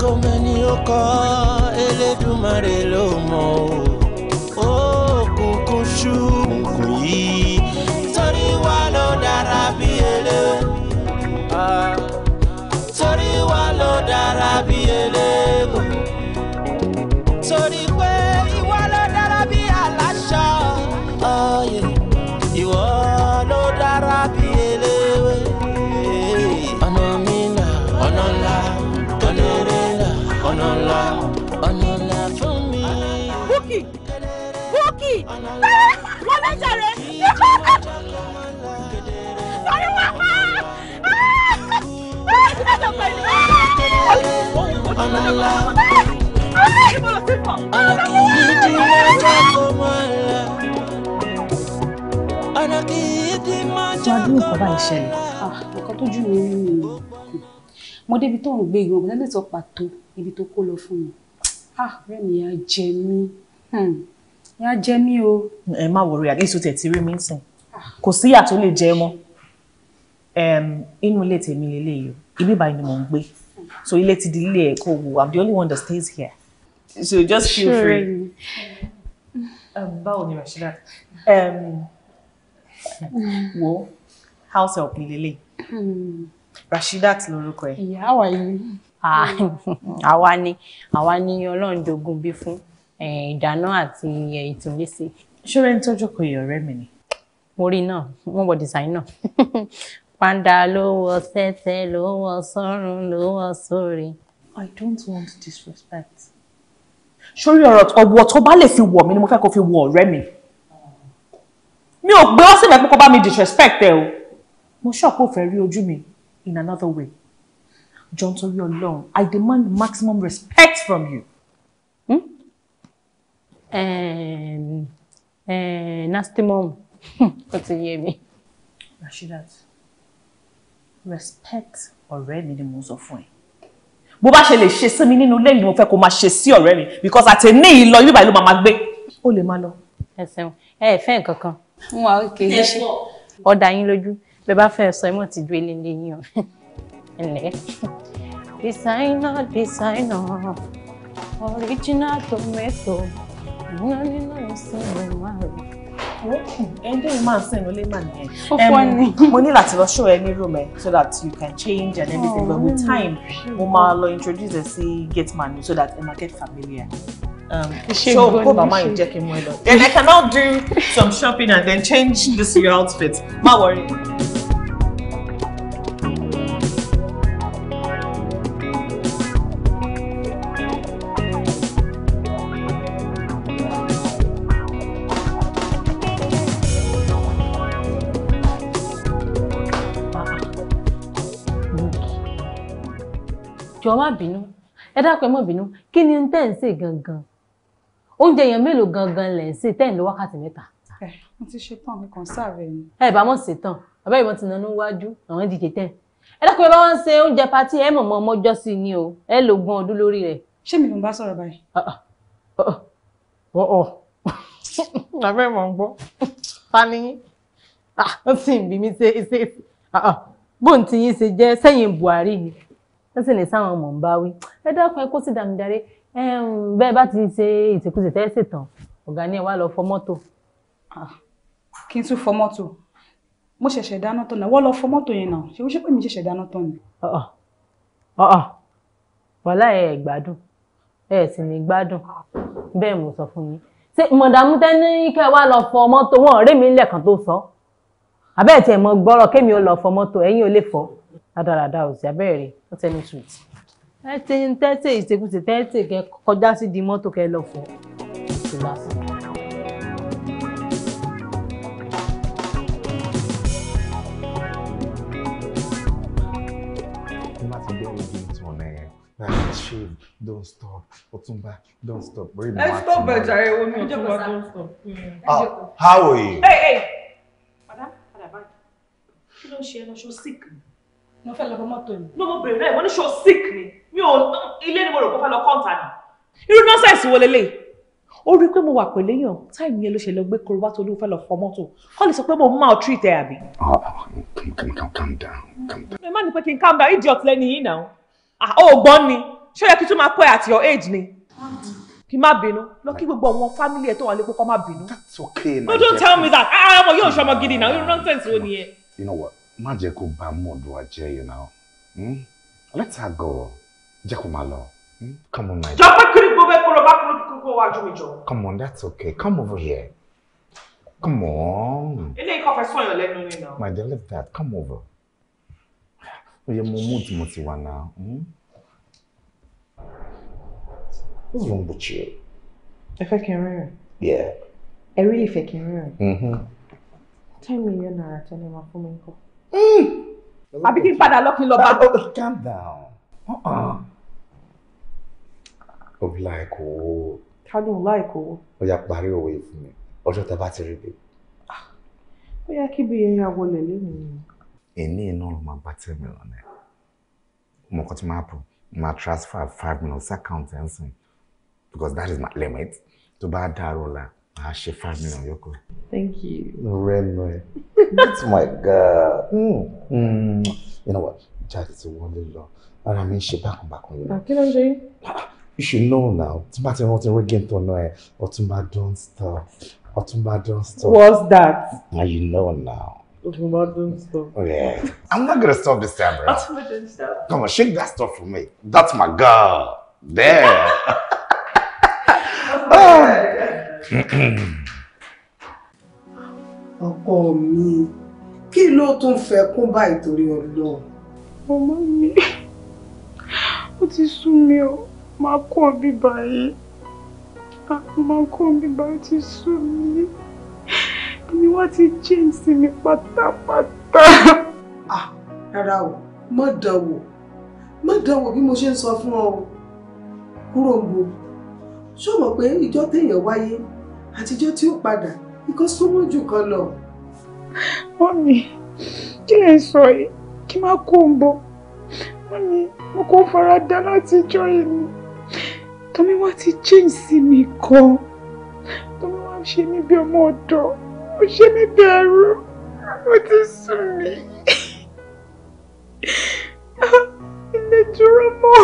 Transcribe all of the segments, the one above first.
kọ́mọ ni ó kọ́ Elédùmarè ló mọ̀ o òkùnkùn ṣùkùn yìí torí wa ló dára bí ele ah. torí wa ló dára bí ele. ọ̀làlà ọ̀nà kì í di ọjọ́ kó mọ́ ẹ̀rẹ́ ọ̀nà kì í di mọ́jọ́ kó mọ́ ẹ̀rẹ́. ṣáájú ìkọ́bá ìṣẹ̀lẹ̀ ah, nǹkan tó jù mí rí mi mo débi tó ń gbé ìwọ̀n bọ́lá lè sọ pàtó ibi tó kó lọ fún mi ah, rẹ̀ mi á jẹ mí hmm, á jẹ mí o. ẹ má wọrí àdéhùn tẹ̀ tí rí mi sìn ah. kò síyà tó lè jẹ mọ́ inú ilé tèmi lélẹ́yìí ibi báyìí ni mò ń gbé so ilé ti di ilé ẹ̀kọ́ i'm the only one that stays here so just feel sure. free. Um, báwo ni rasheedat um, wo house help mi lélẹ̀ rasheedat lórúkọ ẹ̀. ìyá àwa yìí. àwa ni àwa ni ọlọ́run dogun bí fún eh, ìdáná àti eh, ìtúnlẹ́sẹ̀. ṣọ́rẹ́ ń tọ́jú kò yẹ ọ̀rẹ́ mi ni. mo rí náà wọ́n wọ design náà Panda ló sete tẹ́tẹ́ ló wọ sọ́run I don't want disrespect. Sórí ọ̀rọ̀ ọ̀wọ̀ tó bá lè fi wọ̀ mí ni mo fẹ́ kó fi wọ ọ̀rẹ́ mi. Mi ò gbé ọ́sẹ̀ mẹ́pẹ́ kó bá mi disrespect ẹ o. Mo ṣọ́ọ̀pù fẹ́ rí ojú mi in another way. John torí Ọlọ́run, I demand maximum respect from you. Hmm? Um, uh, nasty mom, ó ti yé mi. Rashidat respect ọ̀rẹ́ mi ni mo sọ fún ẹ bó bá ṣe lè ṣe sí mi nínú ilé yìí mo fẹ́ kó máa ṣe sí ọ̀rẹ́ mi because àtẹ̀ní yìí lọ ibi báyìí ló máa máa gbé ó lè máa lọ. ẹ ṣeun ẹ ẹ fẹ́ nǹkan kan ń wá òkè yìí ṣe ọ̀dà yín lójú bẹ́ẹ̀ bá fẹ́ sọ ẹ mọ̀ ti ju eléyìí yìí o ẹ̀lẹ́. designer designer original tomato ìmúlẹ̀ nínú ìsinmi márùn-ún ẹni tó yìí máa ń sìn ló lè mo ní láti lọ show ẹ ní room ẹ so that you can change and everything but with time mo máa lọ introduce ẹ sí gate man so that ẹ máa get familiar. so go mama you check him well then I can do some shopping and then change this your outfit. Ma worry. jọ̀ọ́ má bínú ẹ dákun ẹ má bínú kí ni tẹ́ ń sè gangan oúnjẹ yẹn mélòó gangan lẹ̀ ń sè tẹ́ ń lọ wákàtí mẹ́ta. ẹ mo ti ṣe tán mi kàn sáàrẹ ni. ẹ bá mọ̀ ṣe tán bàbá ìbọn ti nanú wájú àwọn díje tẹ́ ẹ dákun ẹ bá wọn ṣe oúnjẹ patí ẹ mọ̀ mọ́ ọmọjọ́ sí ni o ẹ lò gan ọdún lórí rẹ̀. ṣé mi ló ń bá sọ̀rọ̀ báyìí. ọ̀ọ̀ bàbá ìmọ̀ ń gbọ́ fani ah, ó sì ń bí mi ṣe ṣe ah, ah. bóun ti yín ṣe jẹ́ sẹ́yìn Buhari ni wọ́n sì ní sáwọn ọmọ ń bá wí ẹ dákun ẹ kó sì dàmí darí bẹ́ẹ̀ bá ti ṣe ìtìkùsì tẹ́ sì tàn ọ̀gá ni ẹ wá lọ fọ mọ́tò. Ah, kí n tún fọ mọ́tò mo ṣẹ̀ṣẹ̀ dáná tán náà wọ́n lọ fọ mọ́tò yẹn náà ṣé o ṣe pé mi ṣẹ̀ṣẹ̀ dáná tán ni. ọ̀ọ̀ ah, ọ̀ọ̀ ah. wàhálà ẹ̀ ẹ̀ gbádùn ẹ̀ sì ní gbádùn bẹ́ẹ̀ mo sọ fún yín ṣé mọ̀dàmú tẹ́ni kẹ́ wá lọ fọ mọ́tò wọn ọ̀rẹ́ mi lẹ́ẹ̀kan tó sọ abẹ́ẹ̀ tiẹ̀ mọ gbọ́rọ̀ kémi ó lọ fọ mọ́tò ẹ̀yin ò lè fọ́ rádaràda ò sí abẹ́ẹ̀ wọ́n tẹ́ ní sweet. ẹ ti ń tẹ́tẹ̀ ìṣekúṣe tẹ́tẹ̀ kẹ kọjá don't stop Ọ̀túnba don't stop read stop stop. ah how are you. hey hey padà padà báyìí kí ló ń sick mo fẹ́ lọ bọ́ mọ́tò mi. ní mo bèrè náà mo ní ṣo sick ni mi ò ilé ni mo rò kó fẹ́ lọ kọ́ńtà ni. irú nọ́sẹ̀sì wo leléyìí. ó rí i pé mo wà pẹ̀lú èèyàn táìmù yẹn ló ṣe lọ gbé koro wá torí ó fẹ́ lọ fọ mọ́tò kọ́ lè sọ pé mo máa treat ẹ àbí. Ah, ah, ah, calm down calm down. ẹ má ní pé kí n calm down idiot lẹ́ni yìí náà. ó gbọ́n ni ṣé ó yẹ kí tún máa kọ́ ẹ at your age ni kí má bínú lọ kí gbogbo àwọn fámílì ẹ tó wà lẹ́kọ̀ọ́ má bínú. that's okay my dear. no don't tell me that. Ah, ọmọ yóò ṣọmọ gidi náà irú nonsense wo ni nìyẹn. you know what má jẹ́ kó bà mọ̀dùwà jẹ́ you know hmm? let her go jẹ́ kó máa lọ hmm? come on my dear. jọ́pẹ́ kiri gbogbo ẹ̀kọ́rọ̀ bá kúrò kúkú wájú mi jọ. come on that's okay come over here come on. ilé ikọ̀ fẹ́ sọ̀yàn lẹ́nu ni náà. my dear leave that come over. ó yẹ mo mú tí mo ti wà náà. Hmm? what's wrong with you. ẹ fẹ́ kí n rẹ́rìn. yeah. ẹ rí ìfẹ́ kí n rẹ́rìn. Mm-hmm. ten million naira tẹ́lẹ̀ máa fún mi kọ́. Hmm. àbí kí n padà lọ kí n lọ bá. calm down. Uh-uh. obìnrin like, owó. kádùn láìkò owó. ó yá parí òwe fún mi ọjọ́ tá a bá ti rí bi. Ah. ó yá kí bíi ẹyà wọlé lẹ́nu. èmi iná ló máa bá tẹ̀mí lọ́nà ẹ̀ mo kàn ti máa pọ̀ máa transfer five million sí account ẹ̀ because that is my limit tó bá dàrú la a ṣe five million yòókù. thank you. rẹnu that's my girl. Mm. Mm. you know what jáde ti wọlé lọ ara mi ń back bákànbákan yìí. Ah, kí ló ń ṣe yín. Ah, you should know now tí bá ti rántí reggae tó náà ẹ ọtúnba don stop ọtúnba don't stop. what's that. na you know now. ọtúnba don't stop. yeah i'm not gonna stop this time around. ọtúnba don't stop. come on shake that stuff for me that's my girl there. oh. ọkọ mi kí ló tún fẹ́ kún báyìí torí Ọlọ́run. ọmọ mi ó ti sún mi o máa kọ́ bíbá yìí máa kọ́ bíbá yìí ti sún mi ni wọ́n ti james mi pátápátá. ah rárá o má dánwò má dánwò bí mo ṣe ń sọ fún ọ kúrò ń bo ṣó mọ̀ pé ìjọ téèyàn wáyé àtijọ́ tí ó padà ikọ́ súnmọ́ jù kan lọ. mọ́mí kí lè sọ yìí kí má kó ń bọ̀ mọ́mí mo kò fara dá látijọ́ èmi tọ́mí wá ti change sí mi kan tọ́mí wá ṣe mí bí ọmọ ọ̀dọ́ ó ṣe mí bí ẹrú ó ti sùn mí ah, ilé dúró mọ́.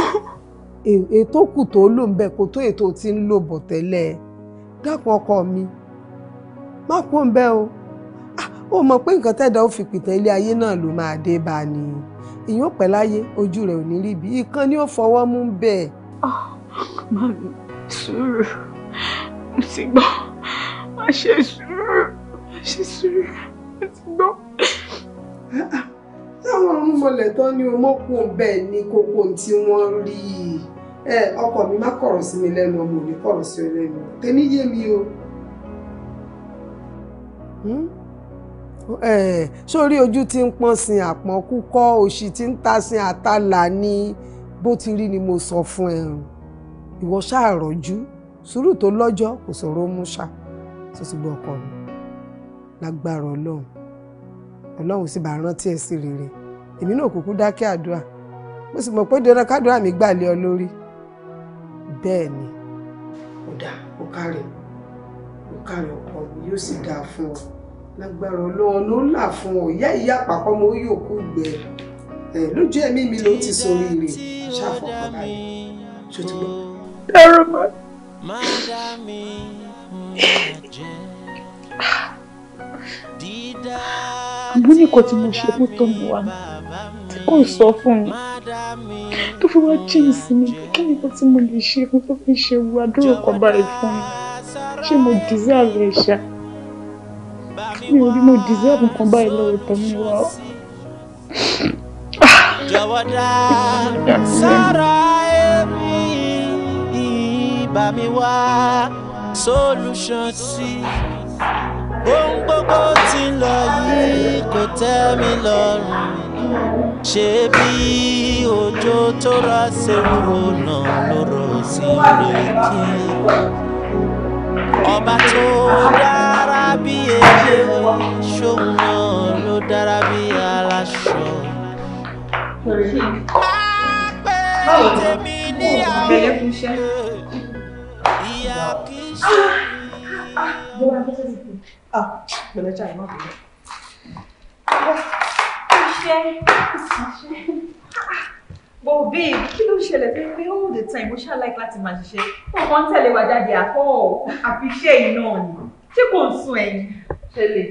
ètò kù tó lò ń bẹ kó tó ètò tí ń lò bọ̀ tẹ́lẹ̀ dápọ̀ ọkọ mi má kó ń bẹ́ o ó ah, mọ̀ pé nǹkan tẹ́dà ó fi pìtàn ilé ayé náà ló máa dé bá a ní ìyún pẹ́ láyé ojú rẹ̀ ò ní rí ibi ìkan ni ó fọwọ́ mú bẹ́ẹ̀. Ah, máa mi sùúrù mo ti gbọ́ má ṣe sùúrù má ṣe sùúrù mo ti gbọ́. Ah, táwọn ọmọlẹ̀ tán ni o mọ̀ kó bẹ́ẹ̀ ni kókó tí wọ́n rí i ẹ ọkọ mi má kọ̀rọ̀ sí mi lẹ́nu ọmọ mi kọ̀rọ̀ sí ọ lẹ́nu tèmi yé mi o. sórí hmm? ojú tí ń pọ́n sin àpọ́n kúkọ́ òṣì tí ń ta sin àtàlà ni bó ti rí ni mo sọ fún ẹ ìwọ ṣáà rọ̀jú sùúrù tó lọ́jọ́ kò sọ̀rọ̀ mú ṣá tó ti gbọ́ ọkọ mi lágbára ọlọ́run ọlọ́run sì bá rántí ẹ̀ sí rere èmi náà kúkú dákẹ́ àdúrà mo sì mọ̀ pé dandan kádùrà mi gbà lé ọ lórí bẹ́ẹ̀ ni. ó dáa ó káre ó káre ọkọ mi yóò sì dáa fún ọ lágbára ọlọ́run ló là fún ọ ìyá ìyá àpapọ̀ ọmọ yòókù gbẹ ẹ lójú ẹ̀mí mi ló ti sọ rírì ṣàfọkànbalẹ̀ ṣòtúbọ̀. dára má. àbúrò nìkan tí mo ṣe fún tó mú wa kò sọ fún mi tó fi wá jíǹsì mi kí ni kó tí mo lè ṣe fún tó fi ṣe wu adúrò kan báyìí fún mi ṣé mo deserve ẹ̀ ṣá mi ò rí mo deserve nǹkan báyìí lọ́wọ́ tọ́ mi wá sára èmi ìbá mi wá solution sí ohun tí ń lọ yìí kò tẹ́ mi lọ́rùn ṣé bí òjò tó rà ṣerú náà ló rọ̀ sí rékì ọba tó dára bí èdè ṣóun náà ló dára bí aláṣọ. báwo ni bẹ̀rẹ̀ fún iṣẹ́. ìyá kì í ṣe. bọ́lá ń tẹ́sí sí i. Ah, bẹ̀rẹ̀ ṣáà ẹ̀ má ṣe bo babe kí ló ṣẹlẹ̀ pé pé all the time mo ṣáà like láti máa ṣiṣẹ́ ó kàn ń tẹ̀lé wa jáde àpọ̀ àfi iṣẹ́ yìí náà ni ṣé kò ń sun ẹ̀yìn ṣẹlẹ̀.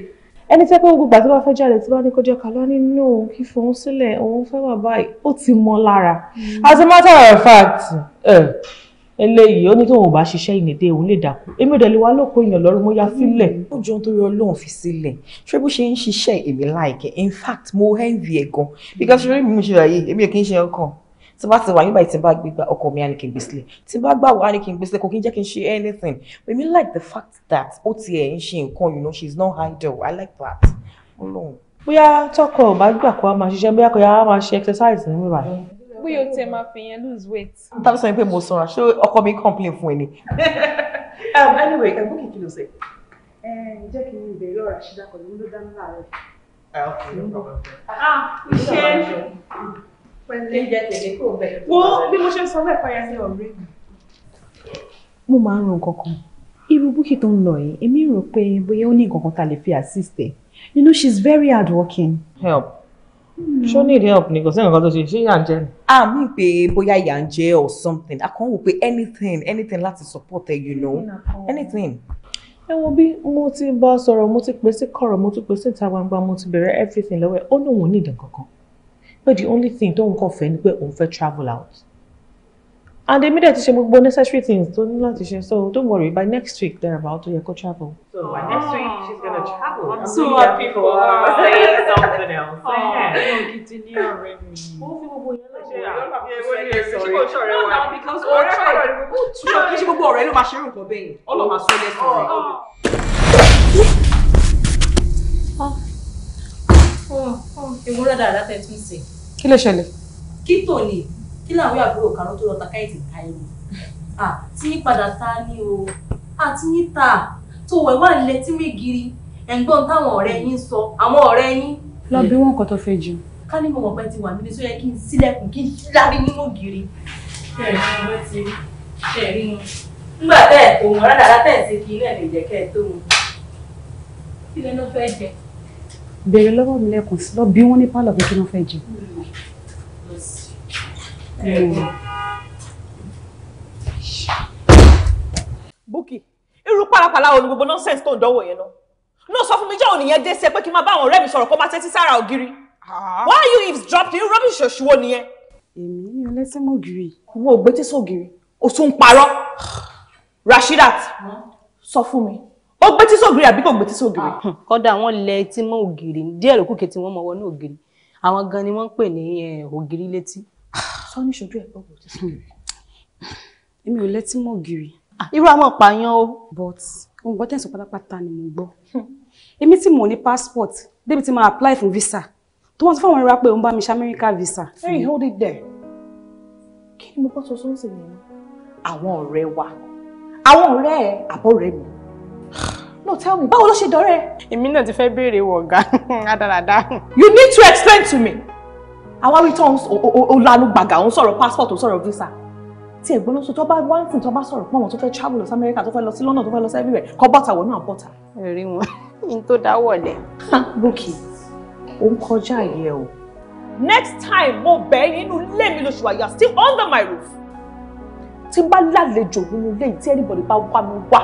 ẹni tẹ́ pé gbogbo àti bá fẹ́ jáde tí bá ní kó jẹ́ ká lọ nínú ìfòhún sílẹ̀ òun fẹ́ wà báyìí ó ti mọ́ lára hmm. as a matter of fact. Uh, eléyìí ó ní tóun bá ṣiṣẹ́ ìnìdé òun lè dàkú èmi ò dẹ̀lé wa lóko èèyàn lọ́rùn mo ya mm. sílẹ̀. ó jọ nítorí ọlọ́run fi sílẹ̀ ṣé bó ṣe ń ṣiṣẹ́ èmi láìkẹ́ in fact mo envy ẹ̀ gan because ṣé mi ṣe àyè èmi ò kí ń ṣe ọkàn tí bá ti wà nígbà tí bá gbégbá ọkọ mi á ní kí n gbé sílẹ̀ tí bá gbà wá á ní kí n gbé sílẹ̀ kò kí n jẹ́ kí n ṣe anything but èmi like the fact that ó ti ẹ̀ ń ṣe nǹkan you know she is not idle I like that ọlọ́run. bóyá tọkọ ò bá gbà kó a máa ṣiṣẹ́ bóyá kó yá a máa ṣe exercise níbi báyìí bóyá o tiẹ̀ máa fi yẹn lose weight. ta ló sọ pé mo sanra ṣé ọkọ mi complain fún ẹ ni. Um, anyway ẹ̀gbọ́n kìkì ló ṣe. jẹ́ kí n bèrè ọ̀rọ̀ àṣìdá kan ló ń lọ dáná láàárọ̀. Ah, ah, ṣé pẹ̀lẹ́ jẹ́ tèmi kò bẹ̀. wo bí mo ṣe sọ bẹ́ẹ̀ fọyà sí ọ̀rẹ́ mi. mo máa ń ro nǹkan kan irú búkì tó ń lọ yìí èmi rò pé bóyá ó ní nǹkan kan tá a lè fi assist ẹ you know she's very hardworking. help ṣó ní ìdí help ni kò sí nǹkan tó ṣe ṣé ìyà ń jẹ ni. a mi pe bóyá ìyà ń jẹ or something a kàn wò pé anything anything láti support ẹ you know anything. ẹ wo bí mo ti bá sọ̀rọ̀ mo ti pè sí kọ̀rọ̀ mo ti pè sí ìta gbangba mo ti bẹ̀rẹ̀ everything lọ́wọ́ ẹ̀ ó lóun ò ní ìdàn kankan pé the only thing tóun kàn fẹ́ ni pé òun fẹ́ travel out and èmi dẹ̀ ti ṣe gbogbo necessary things tó ní láti so don't worry by next week there about to yẹ kó travel. so by next week she's gonna travel. i'm so happy for her saying something else. ọ̀hún gidi ní ọ̀rẹ́ mi. ó fi she will lọ ṣe àkọsílẹ̀ kí ṣe gbogbo ọ̀rẹ́ ló máa ṣe irun kan bẹ́ẹ̀ oh, oh. lẹ́sìn rẹ̀. ìwúrọ̀ dáadáa that? tún sí. kí ló ṣẹlẹ̀. kí tòní kí làwọn àbúrò kan tó lọ ta káyìtì ta ẹni àti padà ta ni o àti níta tó wẹ̀ wá lẹ tí mi giri ẹ̀gbọ́n táwọn ọ̀rẹ́ yín sọ àwọn ọ̀rẹ́ yín. lọ bí wọn nǹkan tó fẹ́ jù. ká ní mo mọ̀ pé ti wà níbi tó yẹ kí n sílẹ̀kùn kí n síláre nínú ògiri. bẹ́ẹ̀ ni wọ́n ti bẹ́ẹ̀ rí wọn. nígbà bẹ́ẹ̀ òun rárá látẹ̀ sí kí iná lè jẹ́ kẹ́ ẹ tó wọn. kí lẹ́nu fẹ́ jẹ. béèrè lọ́wọ́ mi lẹ́kùn sí lọ bí wọ́n ní pálọ̀ pé kí wọ́n fẹ́ jẹ. Hmm. Búkì, irú pàlàpàlà wo ni gbogbo nọ́nsẹ̀nsì tó ń dánwò yẹn náà? No sọ fún mi jẹ́ ònìyẹn dé sí ẹ pé kí n máa bá àwọn ọ̀rẹ́ mi sọ̀rọ̀ kó máa tẹ́tí sára ògiri. Ah. Why are you eavesdropping? Irú rọ́bìṣì òṣùwò nìyẹn. Èmi ni ọlẹ́sìn mọ́ ògiri. Ìwọ ò gbé tí o tún ń parọ́. Rashidat, sọ fún mi, ó gbé tí sógiri àbí kò gbé tí sógiri? Ah. Kọ́dà mo lẹ tí mọ́ ògiri, díẹ̀ lókùkẹ́ tí wọ́n mọ̀ wọnú ògiri. Àwọn gan ni wọ́n ń pè ní eh, ògiri sọ ní ṣojú ẹ̀ gbọ́gbọ́ ti sọ. Hmm. èmi ò létí mọ́ gírí ah. irú àwọn pààyàn o but ohun gbọ́ tẹ̀sán pátápátá ni mo gbọ́ hmm. èmi tí mo ní passport débi tí máa apply fún visa tó wọ́n ti fún àwọn ìrora pé òun bá mi ṣe America visa. hey hold it there kí ni mo bọ́ sọ sọ́ọ́sì nìyẹn àwọn ọ̀rẹ́ wa àwọn ọ̀rẹ́ ẹ̀ àbọ̀rẹ́ mi no tell me báwo ló ṣe dọ̀rẹ́. èmi náà ti fẹ́ béèrè wọ̀gá adarada. you need to explain to me àwa rí tán ó lanu gbàgà ó ń sọ̀rọ̀ passport ó ń sọ̀rọ̀ visa tí ẹ̀gbọ́n ló sọ tó bá one thing tó bá sọ̀rọ̀ pọ̀ wọn tó fẹ́ travel lọ sí America tó fẹ́ lọ sí London tó fẹ́ lọ sí everywhere kọ́ bọ́tà wọnú àbọ̀tà. rí wọn ní tó dá wọlé. Bukky ó ń kọjá yẹ o. next time mo bẹ̀ ẹ́ nínú ilé mi lóṣù àyà still under my roof. tí n bá lálejò nínú ilé yìí tí anybody bá wá mi wá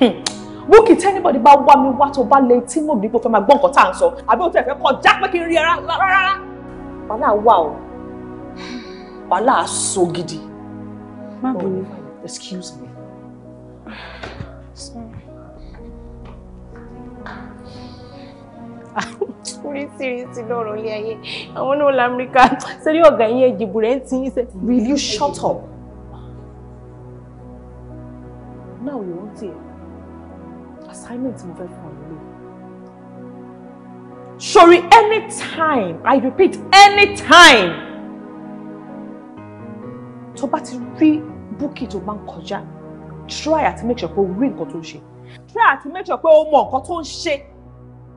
hmm. Bukky tí anybody bá wá mi wá tó bá lè tí mo bí pé o fẹ́ máa gbọ́ nǹkan tá à ń sọ àbí o tẹ̀ fẹ́ kọjá pé kí n rí ẹ rárá wàhálà wà o wàhálà so gidi. má oh, bínú excuse me. oríṣiríṣi lọ́rọ̀ ilé ayé àwọn náà lamẹ́ríkà sẹ́rí ọ̀gá yín ẹ̀jìbù rẹ̀ ń ti yín sẹ́. will you shut up? now you want it assignment mo fẹ́ fún sori anytime i repeat anytime tó bá ti rí búkì tó bá ń kọjá try àti make sure pé o rí nǹkan tó ń ṣe try àti make sure pé o mọ nǹkan tó ń ṣe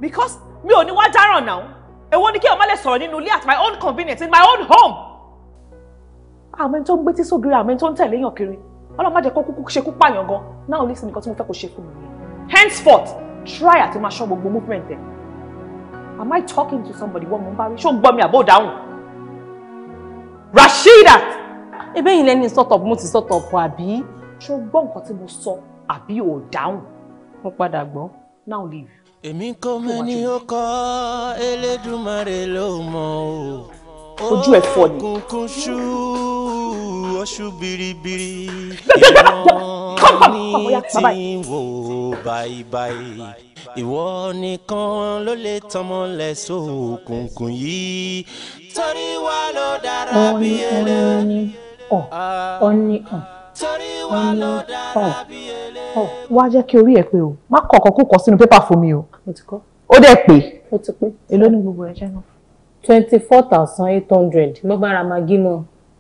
because mi ò ní wá dáràn náà èwo ni kí ọmọ lè sọ̀rọ̀ nínú ilé at my own convenience in my own home. àwọn ẹni tó ń gbé tí sóbìrì àwọn ẹni tó ń tẹ̀lé èèyàn kiri ọlọ́run má jẹ́ kó kúkú ṣekú pààyàn gan now listen nǹkan tí mo fẹ́ kó ṣe fún mi henceforth try àti máa ṣọ́ gbogbo movement ẹ̀ am I talking to somebody wọ́n mo ń bá rí ṣó ń gbọ́ mi àbó dáhùn Rasheedat. ebe yìí lẹni sọtọ mo ti sọtọ pọ àbí. ṣó gbọ́ nǹkan tí mo sọ àbí ò dáhùn. mo padà gbọ́ now leave. èmi kọ́ mẹ́ni ó kọ́ Elédùmarè ló mọ̀ o ojú ẹ fọ ni. òkùnkùn ṣú ọṣù biribiri. ní tí wò báyìí ìwọ nìkan ló lè tọmọ lẹ sókùnkùn yìí torí wà ló dára bí ẹlẹ. ọ̀ni ọ̀ ọ̀ni ọ̀ ọ̀ wá jẹ́ kí orí ẹ̀ pé o má kọ̀ọ̀kan kó kọ sínú pépà fún mi o. mo ti kọ́. ó dẹ̀ pé. mo ti pé. èló ni gbogbo ẹ̀ jẹ́ náà. twenty four thousand eight hundred ló bá ra maggi mọ́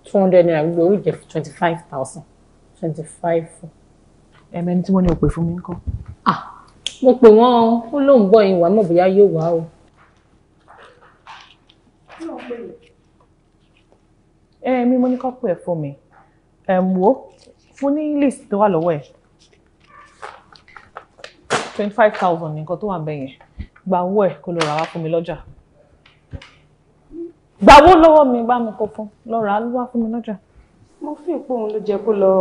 two hundred naira gbogbo ó jẹ́ twenty five thousand twenty five ẹ̀mẹ́ni tí wọ́n ní o pè fún mi ńkọ́. mo pè wọ́n o ó lóun gbọ́ yín wá mọ̀ bóyá yóò wá o. ẹ mi mo ní kọ́ pè fún mi ẹ̀ wò fún ní list tó wà lọ́wọ́ ẹ̀ twenty five thousand nìkan tó wà bẹ́ẹ̀ yẹn gba owó ẹ̀ kó lọ rà wá fún mi lọ́jà gbàwó lọ́wọ́ mi bá mi kó fún lọ́ọ́ rà á wá fún mi lọ́jà. mo fi ìpò òun ló jẹ kó lọ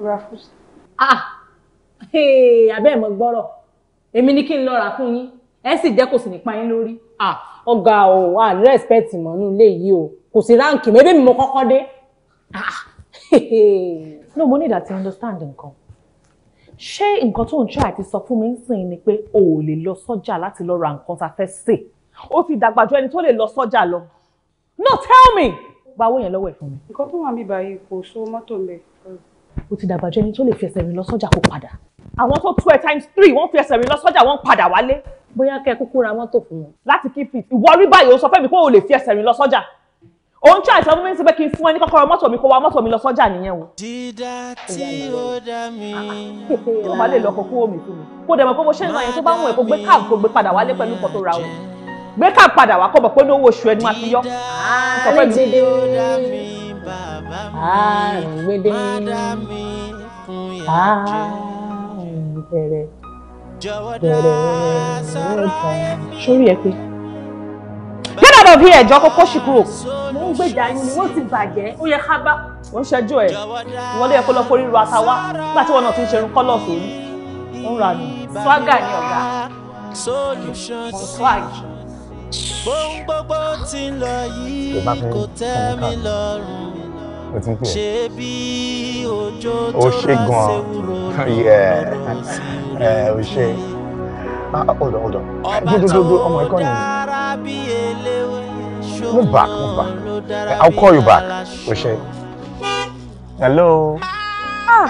ra ah hey, ẹ̀ mọ̀ gbọ́rọ̀ èmi ni kí n lọ rà fún yín ẹ sì jẹ́ kò sì pa yín lórí ah ọ̀gá o wà ní rẹ́spẹ̀tì mọ́ nínú ilé yìí o kò sí ráǹkì mọ́ ebi mi mo kọ́kọ́ dé ah. no money, need àti understand nǹkan ṣé nǹkan tó ń ṣe àti sọ fún mi ń sìn ni pé o ò lè lọ sọ́jà láti lọ ra nǹkan tá a fẹ́ sè ó fi dàgbà ju ẹni tó lè lọ sọ́jà no tell me gba owó yẹn lọ́wọ́ ẹ̀ fún mi. nǹkan tó wà mí báyìí kò so mọ́tò mẹ́ẹ̀ ó ti dàgbà jẹ́ ẹni tó lè fi rìn lọ sọ́jà kó padà. àwọn tó two times three wọ́n fi ẹsẹ̀ rìn lọ sọ́jà wọ́n padà wálé. bóyá kẹ́ kúkú ra mọ́tò fún wọn. láti keep fit ìwọ báyìí ó sọ fẹ́mi pé o lè fi rìn lọ sọ́jà. òun ṣáà ìṣọ́ mímí sí pé kí n fún ẹ ní kọ́kọ́rọ́ mọ́tò mi kó wa mọ́tò mi lọ sọ́jà nìyẹn o. dídá tí ó dá mi. Ah, ah, ó mi. kó gbé káàbù padà wálé kọ́ bọ̀ pé ní owó oṣù ẹni máa fi yọ. ààrẹ dídé àrùn gbédé àrùn bẹ̀rẹ̀ bẹ̀rẹ̀ ọ̀tàn sórí ẹ pé. get out of here ẹjọ́ kókó ṣì kúrò. mo ń gbèjà yín ni wọ́n ti bàjẹ́ ó yẹ ká bá ò ń ṣẹjú ẹ̀ ìwọ́n lè yẹ kó lọ forí ru ata wá nígbà tí wọn náà ti ń ṣerun kọ́lọ́ọ̀sì orí ó ń ra nù swagger ni ọ̀gá swag ohun gbogbo tí ń lọ yìí kò tẹ́ mi lọ́rùn ṣe bí òjò tó rọ̀ ṣe wúro lọ́rùn sí i. Eh, ah, ah, hold on, hold on. Ọba tó ń dára bí eléwé ṣòro ló dára bí eléwé. I'll call you back. Oṣé. Hello. Ah,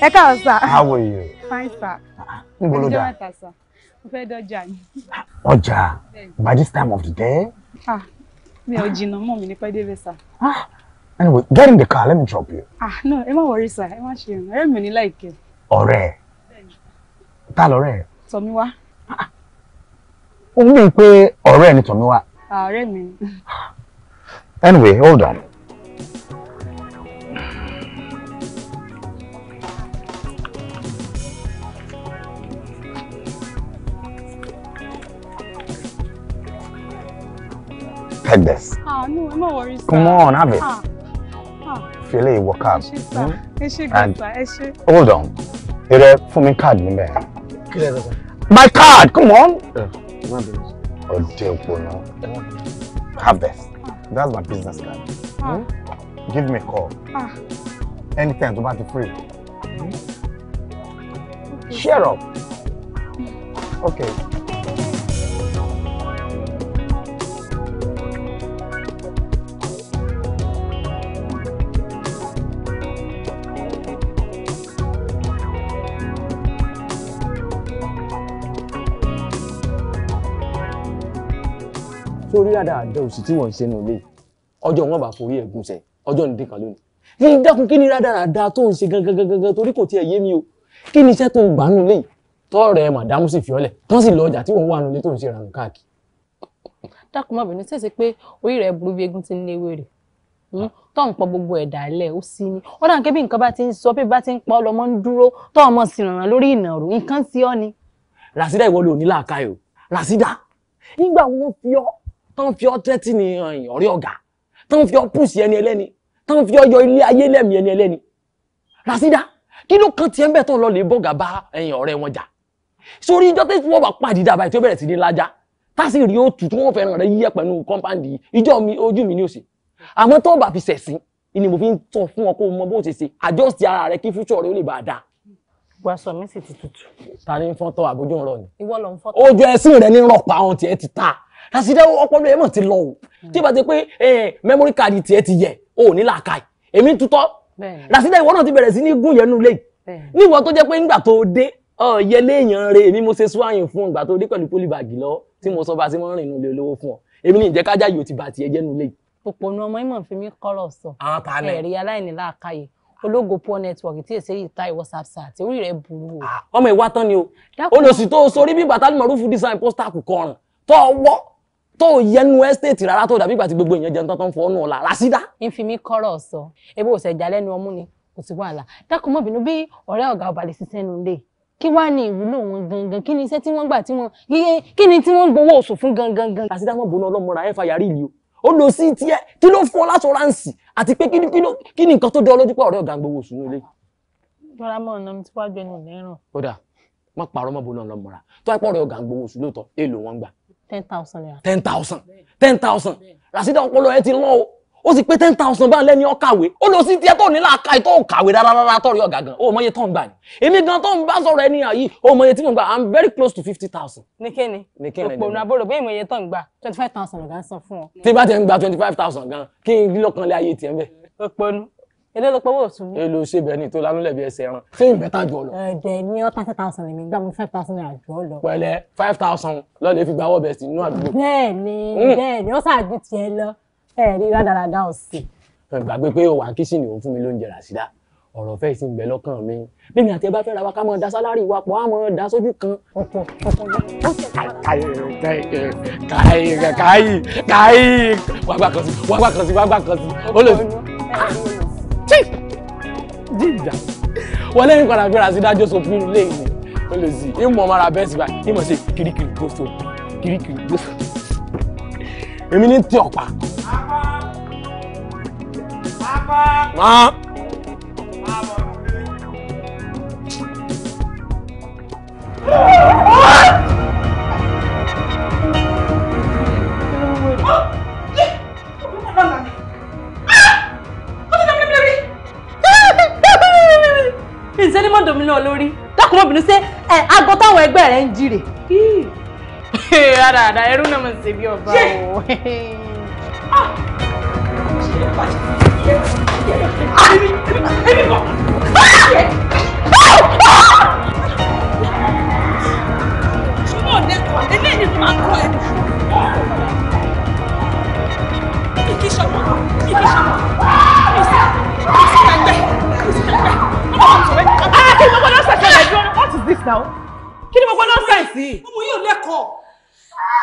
Ẹ káàsán. How are you? Fine, sir. Ah, níbo ló dá? Ẹ jẹ́ mẹ́ta, sir mo fẹ́ dọ́jà ni. ọjà by this time of the day. ah mi ò jìnnà mọ́ mi ní pẹ́ débẹ̀ sá. ah anyway get in the car let me drop you. ah no ẹ má worry sá ẹ má ṣe ìrìn ọ̀rẹ́ mi ò ní láìkẹ́. ọ̀rẹ́ ta lọ́rẹ́. Tọ́míwá. òun ah, mi pé ọ̀rẹ́ ni Tọ́míwá. Ah, ọ̀rẹ́ mi ni. Ah. anyway hold on. take this. Ah, no, no worries. Come sir. on, have it. Ah. Ah. Feel it, walk out. Hmm? And hold on. Here, for my card mi bẹ́ẹ̀. My card, come on. Yeah, Ọdẹ òpó Have this. That's my business card. Ah. Hmm? Give me a call. Anything, Anytime tó bá free. Mm Share up. Hmm. Okay. dáadáa òsì tí wọ́n ń ṣe nù lé ọjọ́ wọn bá forí ẹ̀gùn sẹ̀ ọjọ́ nìdí kan lónìí ní dákun kí ni rádaràda tó ń ṣe gangan gangan torí kò tiẹ̀ yé mi o kí ni iṣẹ́ tó ń gbà nù lé tọ́ọ̀rẹ́ màdámù sì fi ọlẹ̀ tán sì lọ ọjà tí wọ́n wà nù lé tó ń ṣe ràn káàkiri. dákun má bínú sèse pé orí rẹ burú bí egun ti ń léwé rè hmm? tó ń pọ gbogbo ẹ̀dá ilẹ̀ ó sí ni ó dàn kébí nǹkan bá ti ń sọ bí bá ti ń pa ọlọmọ ń dúró tó ọmọ sì ràn lórí ìnàró nǹkan sí ọ ni. ràṣídà ìwọ ló ní làákàyè o ràṣídà nígbà wo fi ọ tán fi ọ́ tẹ́tí ni eh, ọ̀rẹ́ ọ̀gá tán fi ọ́ pùsì ẹni ẹlẹ́ni tán fi ọ́ yọ ilé ayé lẹ́mìí ẹni ẹlẹ́ni Rasida kí ló kan tiẹ̀ ń bẹ̀ tán lọ lè bọ́gà bá ẹ̀yìn eh, ọ̀rẹ́ wọn jà sórí ìjọ tẹ́tí wọ́n bá pàdé dàbà tí ó bẹ̀rẹ̀ sí ní lájà tásì rí òtù tí wọ́n fẹ́ràn rẹ̀ yíyẹ pẹ̀lú kọ́ńpáǹdì ìjọ mi ojú mi ní òsì àmọ́ tó bá fi sẹ̀sìn ni mo fi ń tọ̀ fún ọ kó o mọ bó ṣe ṣe àjọsí ara rẹ kí fúṣọ rẹ ó lè bá a dáa gbogbo mi sì ti tutù. ta ni ń fọ́tọ̀ àbójú ń rọ ni. ìwọ ló ń fọ́tọ̀. ojú ẹsìn rẹ ní rọpa ohun tiẹ ti ta àṣìdá ọpọlọ ẹ mọ̀ ti lọ o tí ìbá ti pé memory card tiẹ̀ ti yẹ o ò ní làákà ẹ̀ èmi tutọ́ àṣìdá ìwọ náà ti bẹ̀rẹ̀ sí ní gún yẹnu lé ní ìwọ tó jẹ́ pé ńgbà tó dé ọ̀yẹ léèyàn rẹ̀ èmi mo ṣe swayin fún ìgbà tó dé pẹ̀lú pólíbàgì lọ tí mo sọ bá sí mọ́rin inú ilé olówó fún ọ èmi ní ìjẹ́ kájà yìí ò ti bà tiẹ̀ jẹ́nu lé. òpònú ọmọ ìmọ̀ fi mí kọ́rọ̀ sọ ẹ̀rí aláìní làákàyè ológo poor network tí èsè yìí ta ìwọ sapsa tí orí rẹ burú o. Ah, ọmọ ìwà tán ni o olùsì sórí bí bàtà mọ̀rúfù design poster kù kọrùn tó ọwọ́ tó yẹnu estate rárá tó dàbí ìgbà tí gbogbo èèyàn jẹun tán tó ń fọnù ọ̀la làásìdá. ìfimi kọ́rọ̀ sọ ebi òsèjà lẹ́nu ọmú ni kò sí wàhálà dákun mọ́ bínú bí ọ̀rẹ́ ọ̀gá ọba lè ṣiṣẹ́ nu lé kí wàá ní ìwúlò wọn gangan kí ni iṣẹ́ tí wọ́n gbà tí wọ́n kí ni tí wọ́n gbowó oṣù fún gangan gan. làásìdá mọ̀ bọ́nà ọlọ́mọra ẹ̀ fàyàrí ìlú ó lọ sí tiẹ̀ kí ló fún ọ láṣọránsì àti pé kí ni nǹkan tó dán lójú pé ọ̀rẹ́ ọ̀gá ń gbowó oṣù nílé. bọ́lá mọ́ ọ̀nà mi ti wá gbẹnu lẹ́rùn. kódà má parọ́ mọ́ bọ́nà ọlọ́mọra tó wáá pọ̀ ọ̀rẹ́ ọ̀gá ń gbowó oṣù lóòótọ́ èèlò wọn gbà ten thousand ten thousand ten thousand rasidi ọpọlọ ẹ ti lọ o ó sì pé ten thousand báyìí lẹ́ni ọ̀kàwé ó lọ sí tiẹ̀ tó ní làákà tó kàwé rárá tọ̀rí ọ̀gá gan ó mọye tó ń gbà ní èmi gan tó ń bá sọ̀rọ̀ ẹni àyí ó mọye tí mo gbà i'm very close to fifty thousand. ní kíni ní kíni òpò ònà àbúrò bẹ́ẹ̀ mọye tó ń gbà twenty five thousand ọ̀gá ń sọ fún ọ. tí bá ti ń gba twenty five thousand gan kí n lọ́kànlé ayé tiẹ̀ bẹ́ẹ̀. òpò èlé ló pọ̀ wò sùn. èlò ṣe bẹ́ẹ̀ ni tó lánúlẹ̀ bí ẹsẹ̀ ẹran ṣé ìbẹ́ta jọ lọ. ẹ̀ẹ́dẹ̀ ní ọ́ thirty thousand mi gbà mí five thousand naira jọ lọ. pẹ̀lẹ́ five thousand lọ́ọ̀lẹ́ fi gba ọwọ́ bẹ̀ẹ̀ sí inú àdúgbò. bẹ́ẹ̀ni hmm. bẹ́ẹ̀ni ó ṣáàjú tiẹ̀ lọ ẹ rí rádaràdà ọ̀sìn. gbàgbé pé òwà kìsìn ni òun fún mi lóúnjẹ ràṣídà ọ̀rọ̀ fẹ́ sí ìgbẹ́ lọ́kàn mi bẹ́ẹ̀ni àti ẹ bá fẹ́ ra wa ká máa da sálárì wa pọ̀ á máa da sójú kan. káyì káyì káyì wàgbà kan sí wàgbà kan sí wàgbà kan sí ó lè chief jíjà wọlé ní padà gbéra sí dájọ́ sọ fún ilé ìní ó lè sí ìmọ̀ ọmọ ara bẹ́ẹ̀ sí báyìí ìmọ̀ ṣe kirikiri gbóso kirikiri gbóso èmi ní tí ọ̀pá. Ah! ṣe ní mọ́dọ̀mí náà lórí dákúmọ̀bìnú ṣe ẹ aago táwọn ẹgbẹ́ rẹ̀ ń jire. rárá rárá ẹrú náà mọ̀ sí bí ọba o. Ikisọmọ, ikisọmọ, kò sí, kò sí àgbẹ̀. nonsense now kí ni gbogbo nonsense yìí. ọmọ yóò lẹ́kọ̀ọ́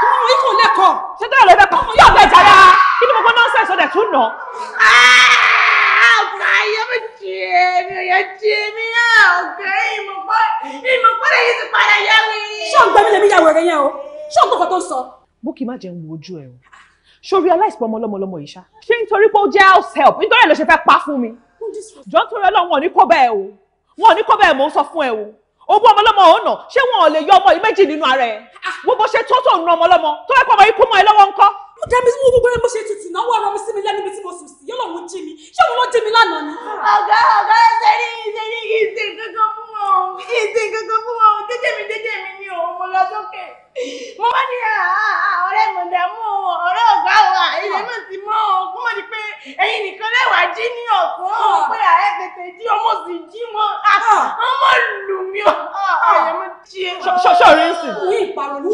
ọmọ yìí kò lẹ́kọ̀ọ́. ṣé dáhùn ló lẹ́kọ̀ọ́ ọmọ yóò lẹ́jà rà kí ni gbogbo nonsense ọ̀dẹ̀ tún nà. Ah, ọ̀gá yẹ mi jẹ mi ọ̀yà jẹ mi ọ̀gá ìmọ̀pọ̀ ìmọ̀pọ̀ lè yí ti padà yá mi. ṣé ọ̀gbẹ́ mi lè mi yàwó rẹ yẹn o ṣé ọ̀gbọ́n tó sọ. Búkì má jẹun wo ojú ẹ o ṣó realize pé ọmọ lọ́mọ lọ́mọ yìí ṣá ṣé nítorí pé ó jẹ́ house help nítorí ẹ̀ ló ṣe fẹ́ pa fún mi. jọ́ńtò rẹ lọ́wọ́ wọn ò ní kó bẹ́ẹ̀ o wọn ò ní kó bẹ́ẹ̀ mò ń sọ fún ẹ o owó ọmọlọ́mọ ò nà ṣé wọn ò lè yọ ọmọ yìí méjì nínú ara ẹ̀ gbogbo ah. ṣe tó tó nu ọmọlọ́mọ tó fẹ́ pọ̀ mọ́ ikú mọ́ ẹ lọ́wọ́ ńkọ́. ó dá mi mú gbogbo ẹ mo ṣe tutù náwó ọ̀rọ̀ mi sí mi lẹ́nu mi tí mo sùn sí yọlọ òun jí mi ṣé òun ló jí mi lánàá ni. Ah. ọ̀gá ọ̀gá ṣe ní ṣe ní ìṣe kankan fún wọn ìṣe kankan fún wọn jẹ́jẹ́ mi jẹ́jẹ́ mi ni òun mo lọ sókè mo wá ní ah, ah, ah, ọ̀rẹ́ mọ̀dàmú ọ̀rẹ́ ọ̀gá wa ilé náà ti mọ́ ọ kó mọ̀ ní pé ẹ̀yin nìkan lẹ́wàá jí ní ọ̀sán pé ààrẹ tètè jí ọmọ sì jí wọn ọmọ lù mí ọ ààrẹ mo jí ẹ. sọ́ọ̀rì ń sìn